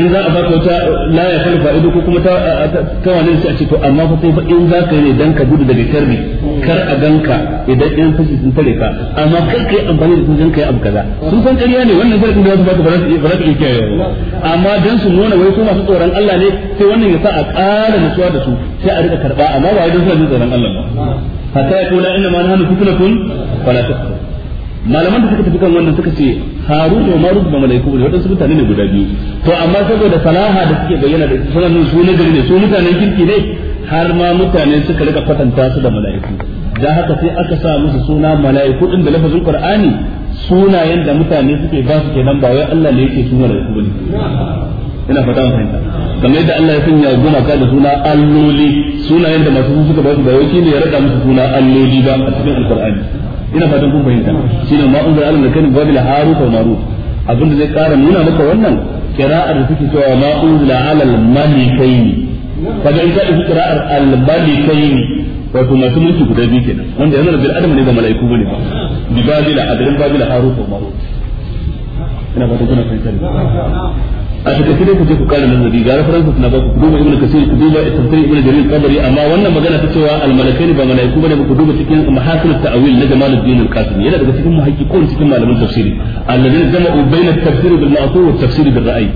in za a baka wata la ya kan fa'ido ko kuma ta ta wani a ce to amma fa sai fa in za ka yi ne dan ka gudu daga sharri kar a ganka idan yan fashi sun tare ka amma kar yi amfani da sun ganka ya abu kaza sun san ƙarya ne wannan sarkin da za su baka ba za ka iya kiyaye amma dan su nuna wai su masu tsoron Allah ne sai wannan ya sa a ƙara nutsuwa da su sai a riƙa karɓa amma ba wai dan suna jin tsoron Allah ba hatta ya kula inna ma nahnu fitnatun fala takfur malaman da suka tafi kan wannan suka ce haru da maruf da malaiku ne wadansu mutane ne guda biyu to amma saboda salaha da suke bayyana da suna nuna su gari ne su mutanen kirki ne har ma mutane suka rika kwatanta su da malaiku da haka sai aka sa musu suna malaiku din da lafazin qur'ani sunayen da mutane suke ba su kenan ba wai Allah ne yake suna malaiku ne ina fata an fahimta kamar yadda Allah ya sanya gumaka da suna alloli sunayen da masu suka ba su ba wai ne ya rada musu suna alloli ba a cikin alqur'ani ina fatan kun fahimta shine ma unzar alim da kan babil haruf wa maruf abin da zai kara nuna maka wannan qira'ar da suke cewa ma unzila alal malikaini kaga in ka dauki qira'ar al malikaini wato masu mulki guda biyu kenan wanda yana da bil adam ne ba malaiku bane ba bi babila adrin babila haruf wa maruf ina fatan kuna fahimta a takaice dai ku je ku kara nazari ga references na ba ku duba ibnu kasir ku duba tafsir ibnu jarir al-qadri amma wannan magana ta cewa al-malakaini ba malaiku bane ku duba cikin mahasin ta'awil na jamaluddin al-qasimi yana daga cikin muhaqqiqun cikin malaman tafsiri alladhina jama'u bayna at-tafsir bil ma'qul wa at-tafsir bil ra'y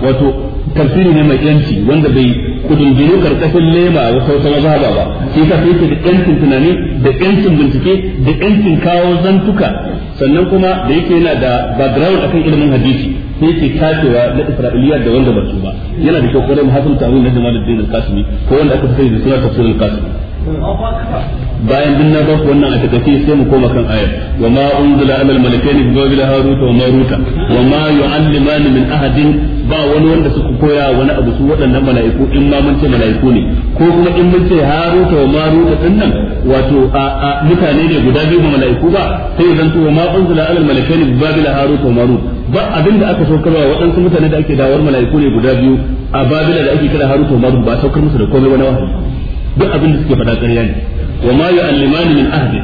wato tafsiri ne mai yanci wanda bai kudundunu karkashin lema da wata wata mazhaba ba sai ka sai da yancin tunani da yancin bincike da yancin kawo zantuka sannan kuma da yake yana da background akan ilimin hadisi sai ke kafewa na isra'iliya da wanda ba su ba yana da kyau kwarai mu ta'awun na jama'ar da kasumi ko wanda aka fi da suna tafsirin kasumi bayan din na ba wannan a takaice sai mu koma kan ayar wa ma unzila ala al-malakain bi babil harut wa maruta wa ma yu'alliman min ahadin ba wani wanda suka koya wani abu su waɗannan mala'iku in ma mun ce mala'iku ne ko kuma in mun ce ta wa maruta din nan wato a mutane ne guda biyu mala'iku ba sai zan to wa ma unzila ala al-malakain bi babil harut wa marut ba abin da aka wa waɗansu mutane da ake dawar mala'iku ne guda biyu a babila da ake kira harut wa marut ba saukar musu da komai wani wahayi duk abin da suke faɗa ƙarya ne wa ma yu'allimani min ahdi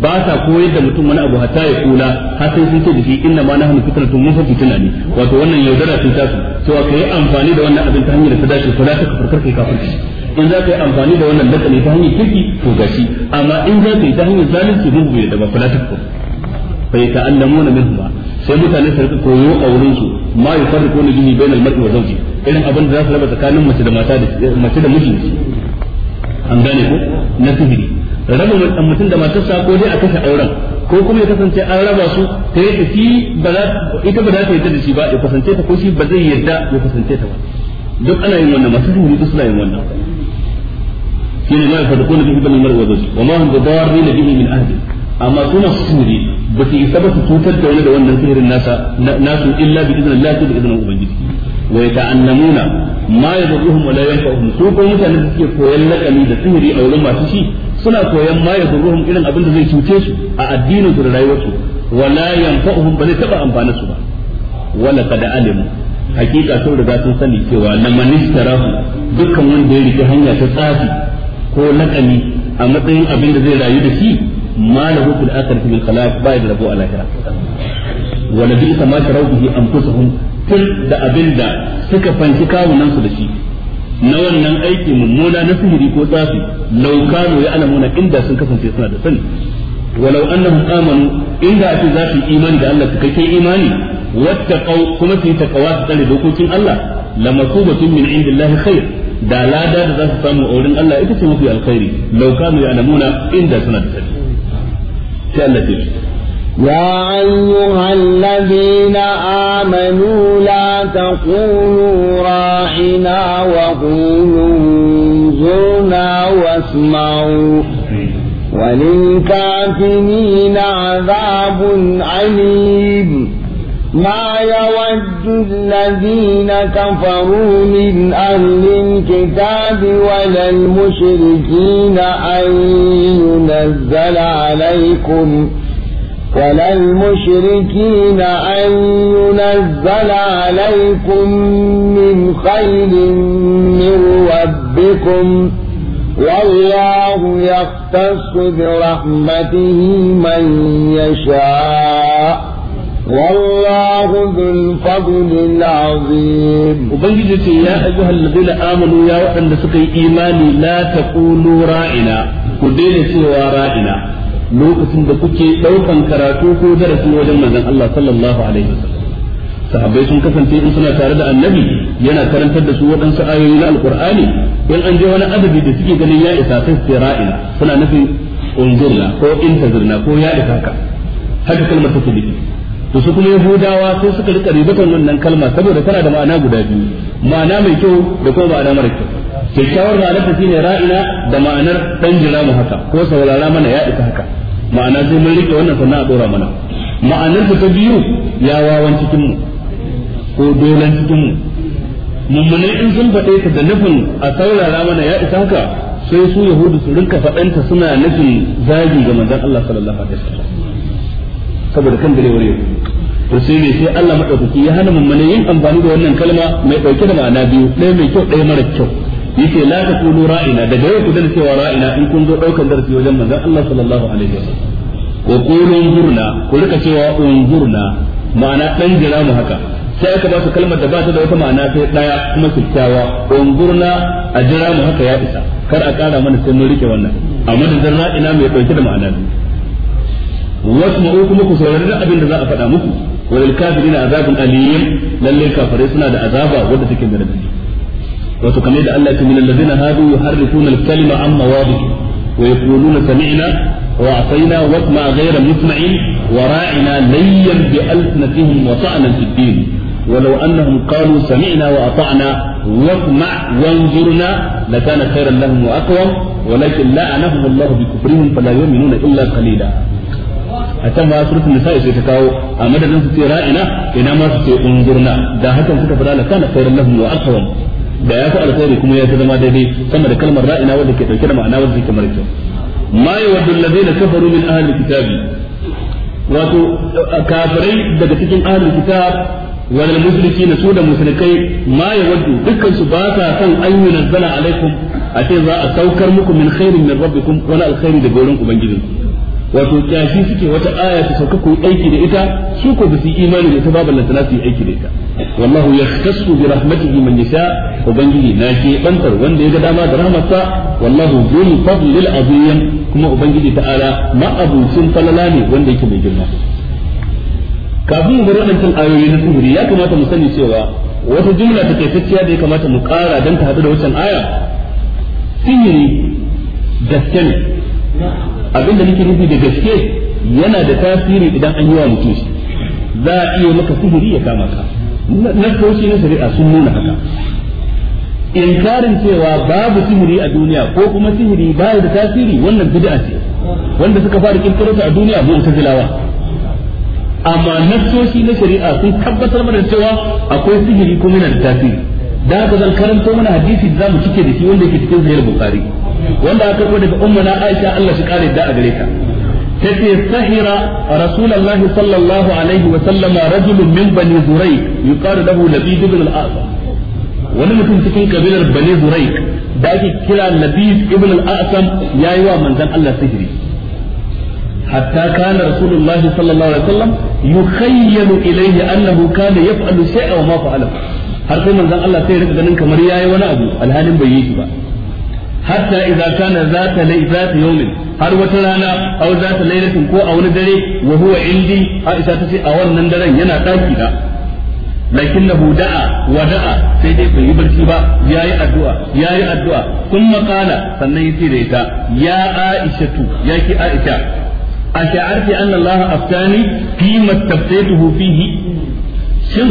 ba sa koyar da mutum wani abu hatta ya kula har sai sun ce da shi inna ma nahnu fitratu mun fa fitna ne wato wannan yaudara sun tasu cewa kai amfani da wannan abin ta hanyar da ta dace ko da ka farkar kai kafirci in za ka yi amfani da wannan dakali ta hanyar kirki to gashi amma in za ka yi ta hanyar zalunci mun bai da ba fala ta ko fa yata'allamuna minhu sai mutane su rika koyo a wurin su ma yufarriquna bihi bainal mar'i wa zawji irin abin da za su raba tsakanin mace da mata da mace da mijinki an gane ko na sihiri raba mutum da sa ko dai a kashe auren ko kuma ya kasance an raba su ta yadda shi ba za ita ba za ta yadda da shi ba ya kasance ta ko shi ba zai yadda ya kasance ta ba duk ana yin wannan masu sihiri suna yin wannan shine ma na bihi bil mar'i wa zawji wa ma hum na bihi min ahli amma suna sihiri ba su yi ba su cutar da wani da wannan sihirin nasa nasu illa bi idnillah bi idnin ubangiji wa yata'annamuna ma yadurruhum wa la yanfa'uhum su ko mutane da suke koyan lakani da sihiri a wurin masu shi suna koyan ma yadurruhum irin abin da zai cuce su a addinin su da rayuwarsu wala yanfa'uhum ba zai taba amfana su ba wala qad alimu hakika sun riga sun sani cewa lamman istarahu dukkan wanda ya rike hanya ta tsafi ko lakani a matsayin abin da zai rayu da shi ma lahu fil akhirati min khalaq ba da rabo a lahira wa la bi ma tarawu bi tir da abin da suka fanki kawunansu da shi na wannan aiki mummuna na sihiri ko tsafi law kanu ya'lamuna inda sun kasance suna da sani walau annahum amanu inda ake za su imani da Allah cikakken imani wattaqau kuma su yi takawa su tsare dokokin Allah lamasubatun min indillahi khair da lada da za su samu a wurin Allah ita ce mafi alkhairi law kanu ya'lamuna inda suna da sani sai Allah ya يا أيها الذين آمنوا لا تقولوا راعنا وقولوا انظرنا واسمعوا وللكافرين عذاب أليم ما يود الذين كفروا من أهل الكتاب ولا المشركين أن ينزل عليكم ولا المشركين أن ينزل عليكم من خير من ربكم والله يختص برحمته من يشاء والله ذو الفضل العظيم وبنجد يا أيها الذين آمنوا يا وحن سقي إيماني لا تقولوا رائنا ودين سوى رائنا lokacin da kuke daukan karatu ko darasi wajen manzon Allah sallallahu alaihi wasallam sahabbai sun kasance in suna tare da annabi yana karantar da su waɗansu ayoyi na alqur'ani in an je wani adabi da suke ganin ya isa sai su ra'ina suna nufin unzurna ko intazirna ko ya isa ka haka kalmar take to su kuma yahudawa sai suka rika ribatan wannan kalma saboda tana da ma'ana guda biyu ma'ana mai kyau da kuma ma'ana mara kyau kyakkyawar ma'anar ta shine ra'ina da ma'anar dan jira mu haka ko saurara mana ya isa haka ma'ana sai mun rike wannan sannan a dora mana ma'anar ta biyu ya wawan cikin mu ko dolan cikin mu mummunai in sun faɗe ta da nufin a saurara mana ya isa haka sai su yahudu su rinka faɗanta suna nufin zagi ga manzon Allah sallallahu alaihi wasallam saboda kan garewar yau to sai ne sai Allah madaukaki ya hana mummune yin amfani da wannan kalma mai dauke da ma'ana biyu ɗaya mai kyau ɗaya mara kyau yace la taqulu ra'ina daga yau ku dana cewa ra'ina in kun zo daukan darasi wajen manzon Allah sallallahu alaihi wasallam Ko qulu ku rika cewa unzurna ma'ana dan jira mu haka sai aka ba su kalmar da ba ta da wata ma'ana sai daya kuma kyakkyawa unzurna a jira mu haka ya isa kar a kara mana sai mun rike wannan amma da ra'ina mai dauke da ma'ana biyu wasma'u kuma ku saurari da abin da za a faɗa muku walil kafirina azabun alim lalle kafirai suna da azaba wanda take da radadi wato kamar da Allah ya min allazina hadu yuharrifuna al-kalima an mawadihi wa yaquluna sami'na wa asaina wasma ghayra musma'in wa ra'ina layyan bi alsinatihim wa ta'ana fi din ولو أنهم قالوا سمعنا وأطعنا واسمع وانظرنا لكان خيرا لهم وأقوم ولكن لعنهم الله بكفرهم فلا يؤمنون إلا قليلا a can ba suratul nisa sai ta kawo a madadin su ce ra'ina ina ma su ce unzurna da hakan suka fada la kana khairan lahum wa aqwam da ya fi alkhairi kuma ya fi zama daidai sama da kalmar ra'ina wanda ke dauke da ma'ana wanda ke mara kyau ma yawaddu alladhina kafaru min ahli kitabi wato kafirai daga cikin ahli kitab wal na su da mushrikai ma yawaddu dukkan su ba ta san an yunazzala alaikum a ce za a saukar muku min khairin min rabbikum wala alkhairi daga wurin ubangijinku wato kyashi suke wata aya ta sauka ku aiki da ita su ko su imani da ita babu lantana su yi aiki da ita wallahu yakhtassu bi rahmatihi man yasha ubangiji na ke bantar wanda ya ga dama da rahmatsa wallahu dhul fadlil azim kuma ubangiji ala ma sun falala ne wanda yake mai girma kafin mu bar wadannan ayoyi na sihiri ya kamata mu sani cewa wata jumla ta kaitacciya da ya kamata mu kara dan ta hadu da wancan aya sihiri gaske ne abin da nake nufi da gaske yana da tasiri idan an yi wa mutum shi za a iya maka sihiri ya kama ka na kauce na shari'a sun nuna haka inkarin cewa babu sihiri a duniya ko kuma sihiri baya da tasiri wannan bid'a ce wanda suka fara kirkiro a duniya mu ta zilawa amma nassoshi na shari'a sun tabbatar mana cewa akwai sihiri kuma yana da tasiri da haka zan karanto mana hadisi da zamu cike da shi wanda yake cikin sahih bukhari wanda aka karbo daga na Aisha Allah shi kare da a gare ta ce sahira rasulullahi sallallahu alaihi wa sallam rajulun min bani zurai yuqalu dahu labid ibn al-a'sa wani mutum cikin kabilar bani zurai da ake kira labid ibn al-a'sam yayi wa manzon Allah sihiri hatta kana rasulullahi sallallahu alaihi wa sallam yukhayyalu ilayhi annahu kana yaf'alu shay'an wa ma fa'ala har sai manzon Allah sai ya rika ganin kamar yayi wani abu alhalin bai yi shi ba hatta idza kana zata lay zata yawmin har wata rana aw zata laylatin ko a wani dare wa indi Aisha ta tace a wannan daren yana daki da lakinnahu da'a wa da'a sai dai bai yi barci ba yayi addu'a yayi addu'a kuma qala sannan yace da ita ya Aisha tu yaki Aisha ash'arti anna Allah aftani fi ma tafsaytuhu fihi shin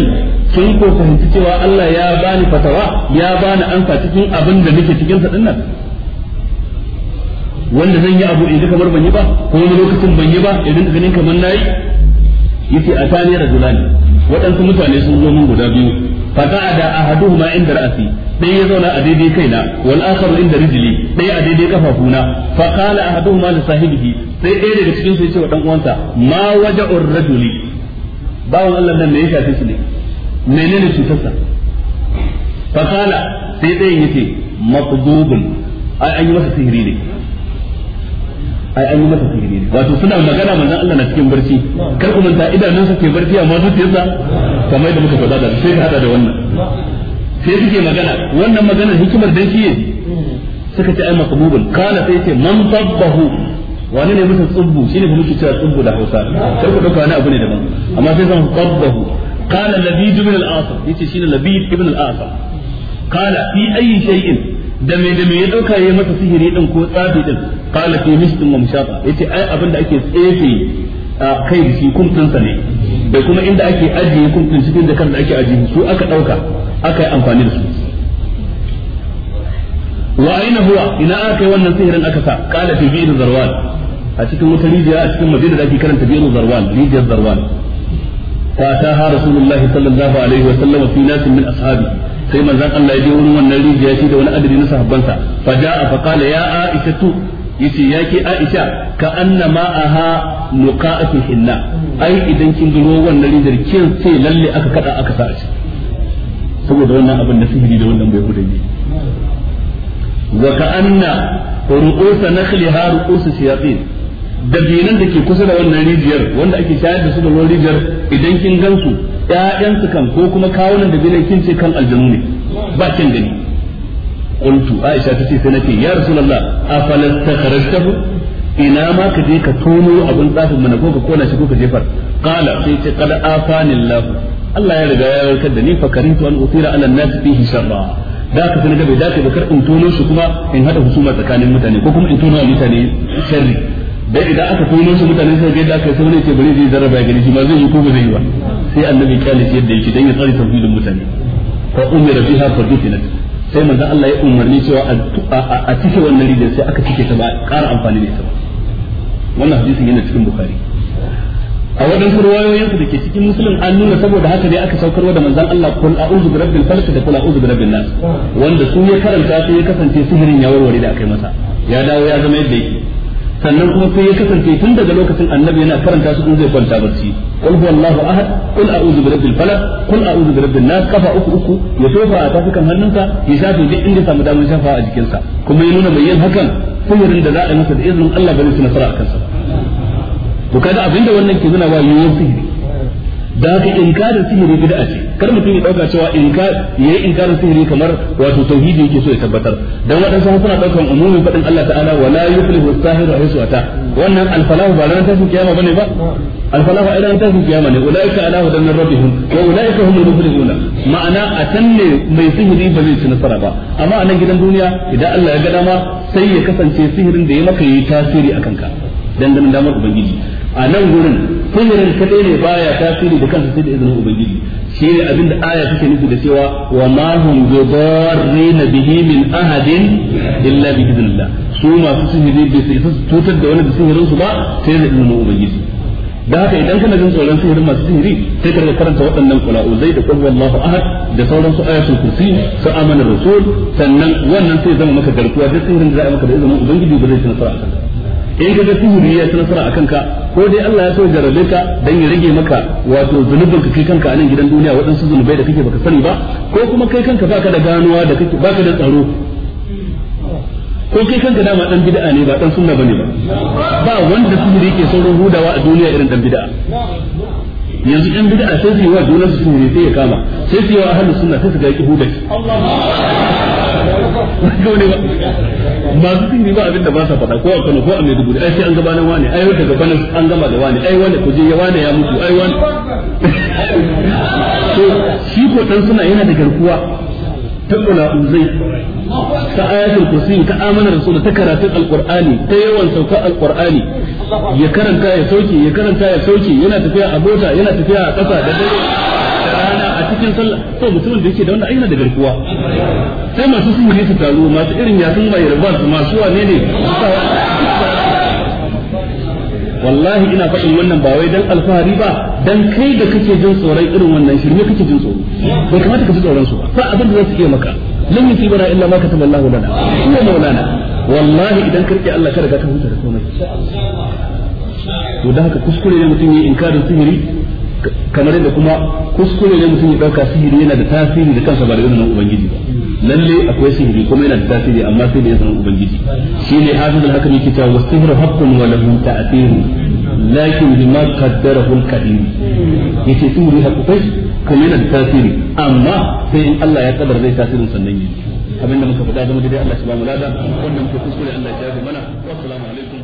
kin ko fahimci cewa Allah ya bani fatawa ya bani amsa cikin abin da nake cikin sa dinnan wanda zan yi abu idan kamar ban yi ba ko wani lokacin ban yi ba idan ka ganin kamar nayi yace atani rajulani waɗansu mutane sun zo mun guda biyu fata'ada ahaduhuma inda ra'si dai ya zauna a daidai kaina wal akharu inda rijli dai a daidai kafafuna fa qala ahaduhuma li sahibihi sai ɗaya daga cikin su ya ce wa dan uwansa ma waja'ur rajuli bawan Allah nan ne ya shafe su ne menene cutarsa fakala sai ɗayan yace maqdubun ai an yi masa sihiri ne ai an yi masa sihiri ne wato suna magana manzon Allah na cikin barci kar ku manta idanunsa ke barci amma zuciyarsa kamar da muka faɗa da sai ka hada da wannan sai suke magana wannan maganar hikimar dan shi suka ce ai maqbubun kana sai ce man tabbahu wani ne mutum tsubbu ne kuma muke cewa tsubbu da Hausa sai ku ɗauka wani abu ne daban amma sai zan qabbahu Kala labid ibn al-asr yace shine labid ibn al-asr qala fi ayi shay'in da me da me ya dauka yayi masa sihiri din ko tsafi din qala fi mistin wa mushafa yace ai abinda ake tsefe kai da shi kumtunsa ne da kuma inda ake ajiye kumtun cikin da kan da ake ajiye su aka dauka aka yi amfani da su wa aina huwa ina aka yi wannan sihirin aka sa kala fi zarwan a cikin wata rijiya a cikin madina da ake karanta bi'r zarwan rijiyar zarwan fataha rasulullahi sallallahu alaihi wa sallam fi nasin min ashabi sai manzon Allah ya je wurin wannan rijiya shi da wani adadi na sa fa da'a fa qala ya aisha tu yace yake aisha ka anna ma'aha nuqa'atu hinna ai idan kin duro wannan rijiyar kin sai lalle aka kada aka sa saboda wannan abin da sihiri da wannan bai hudanci wa ka'anna ru'usa nakhliha ru'usu shayatin dabinan da ke kusa da wannan rijiyar wanda ake shayar da su da rijiyar idan kin gansu ƴaƴansu kan ko kuma kawunan dabinan kin ce kan aljanu ne ba kin gani qultu aisha tace sai nake ya rasulullah afala takharajtahu ina ma ka je ka tono abun tsafin mana ko ka kona shi ko ka jefar qala sai ce qad afani allah Allah ya riga ya warkar da ni fa karintu an utira ala nas fihi sharra da aka sanar da bai dace ba kar in tono shi kuma in hada husuma tsakanin mutane ko kuma in tono mutane sharri da idan aka tono shi mutane sai ga yadda aka sai ne ce bari zai zarraba ya gani shi ma zai yi ko ba zai yi ba sai annabi kyale shi yadda yake dan ya tsare tauhidin mutane fa umira biha fa sai manzo Allah ya umarni cewa a cike wannan rijiyar sai aka cike ta ba ƙara amfani da ita ba wannan hadisin yana cikin bukhari a waɗansu ruwayoyinsu da ke cikin musulun an nuna saboda haka ne aka saukarwa da manzan Allah a a'udhu birabbil falaq da kul a'udhu birabbin nas wanda su ya karanta su ya kasance sihirin ya warware da akai masa ya dawo ya zama yadda yake sannan kuma sai ya kasance tun daga lokacin annabi yana karanta su in zai kwanta barci qul huwallahu ahad qul a'udhu birabbil falaq qul a'udhu birabbin nas kafa uku uku ya tofa a tafukan hannunsa ya shafe duk inda samu damar shafa a jikinsa kuma ya nuna mai yin hakan sihirin da za a yi masa da izinin Allah bane su nasara a kansa to kaga abinda wannan ke nuna wa yiwuwar sihiri da haka inkarin sihiri bid'a ce kar mutum ya dauka cewa inkar yayi inkarin sihiri kamar wato tauhidi yake so ya tabbatar dan wadansu suna daukan umumin fadin Allah ta'ala wala yuflihu as-sahiru haythu ata wannan al-falahu ba ran tashin kiyama bane ba al-falahu ai ran tashin kiyama ne ulaika ala hudan min rabbihim wa ulaika humul muflihuna ma'ana a tanne mai sihiri ba zai ci nasara ba amma a nan gidan duniya idan Allah ya ga dama sai ya kasance sihirin da ya maka yi tasiri akan ka dangane damar ubangiji a nan gurin kullun kadai ne baya tasiri da kansa sai da izinin ubangiji shi ne abinda aya take nufi da cewa wa ma hum bidarrina bihi min ahadin illa bi idnillah su masu sihiri bai sai su tutar da wani da sihirin su ba sai da izinin ubangiji da haka idan kana jin tsoron sihirin masu sihiri sai ka karanta waɗannan kula'uzai da qul wallahu ahad da sauran su ayatul kursi su amana rasul sannan wannan sai zama maka garkuwa da sihirin da za a maka da izinin ubangiji ba zai ci nasara a in ka ga sihiri ya ci nasara a kanka ko dai Allah ya so jarabe ka dan ya rage maka wato zunubin ka kai kanka a nan gidan duniya waɗansu zunubai da kake baka sani ba ko kuma kai kanka baka da ganuwa da kake baka da tsaro ko kai kanka dama dan bid'a ne ba dan sunna bane ba ba wanda sihiri yake saurin hudawa a duniya irin dan bid'a yanzu yan bid'a sai su yi wa junan su ne sai ya kama sai su yi wa ahlus sunna sai su ga yaki hudai Allah masu tuni ba abin da ba sa faɗa ko a Kano ko a Maiduguri ai sai an gabanin wani ai wata gabanin an gama da wani ai wani kuje ya wani ya mutu ai wani to shi ko dan suna yana da garkuwa ta kula uzai ta ayatul kursi ta amana rasul ta karatun alqur'ani ta yawan sauka alqur'ani ya karanta ya sauke ya karanta ya sauke yana tafiya a bota yana tafiya a ƙasa da dare cikin sallah mutumin da yake da wannan ayyana da garkuwa sai masu sihiri su taru masu irin yasin mai rabas masu wane ne wallahi ina faɗin wannan ba wai dan alfahari ba dan kai da kake jin tsoron irin wannan kake jin tsoro bai kamata ka ji tsoron su ba abin da za su iya maka lan yusibana illa ma kataba Allah lana huwa maulana wallahi idan ka rike Allah ka huta da komai to haka kuskure ne mutum yayi inkarin sihiri kamar yadda kuma kuskure ne mutum ya dauka sihiri yana da tasiri da kansa ba da izinin ubangiji ba lalle akwai sihiri kuma yana da tasiri amma sai da izinin ubangiji ne hafiz al-hakam yake cewa wasihru haqqun wa lahu ta'thiru lakin bima qaddarahu al-qadir yace sihiri haqqai kuma yana da tasiri amma sai in Allah ya kaddara zai tasirin sannan yi abinda muka faɗa zama dai Allah subhanahu wa ta'ala wannan kuskure Allah ya ji mana wa assalamu alaikum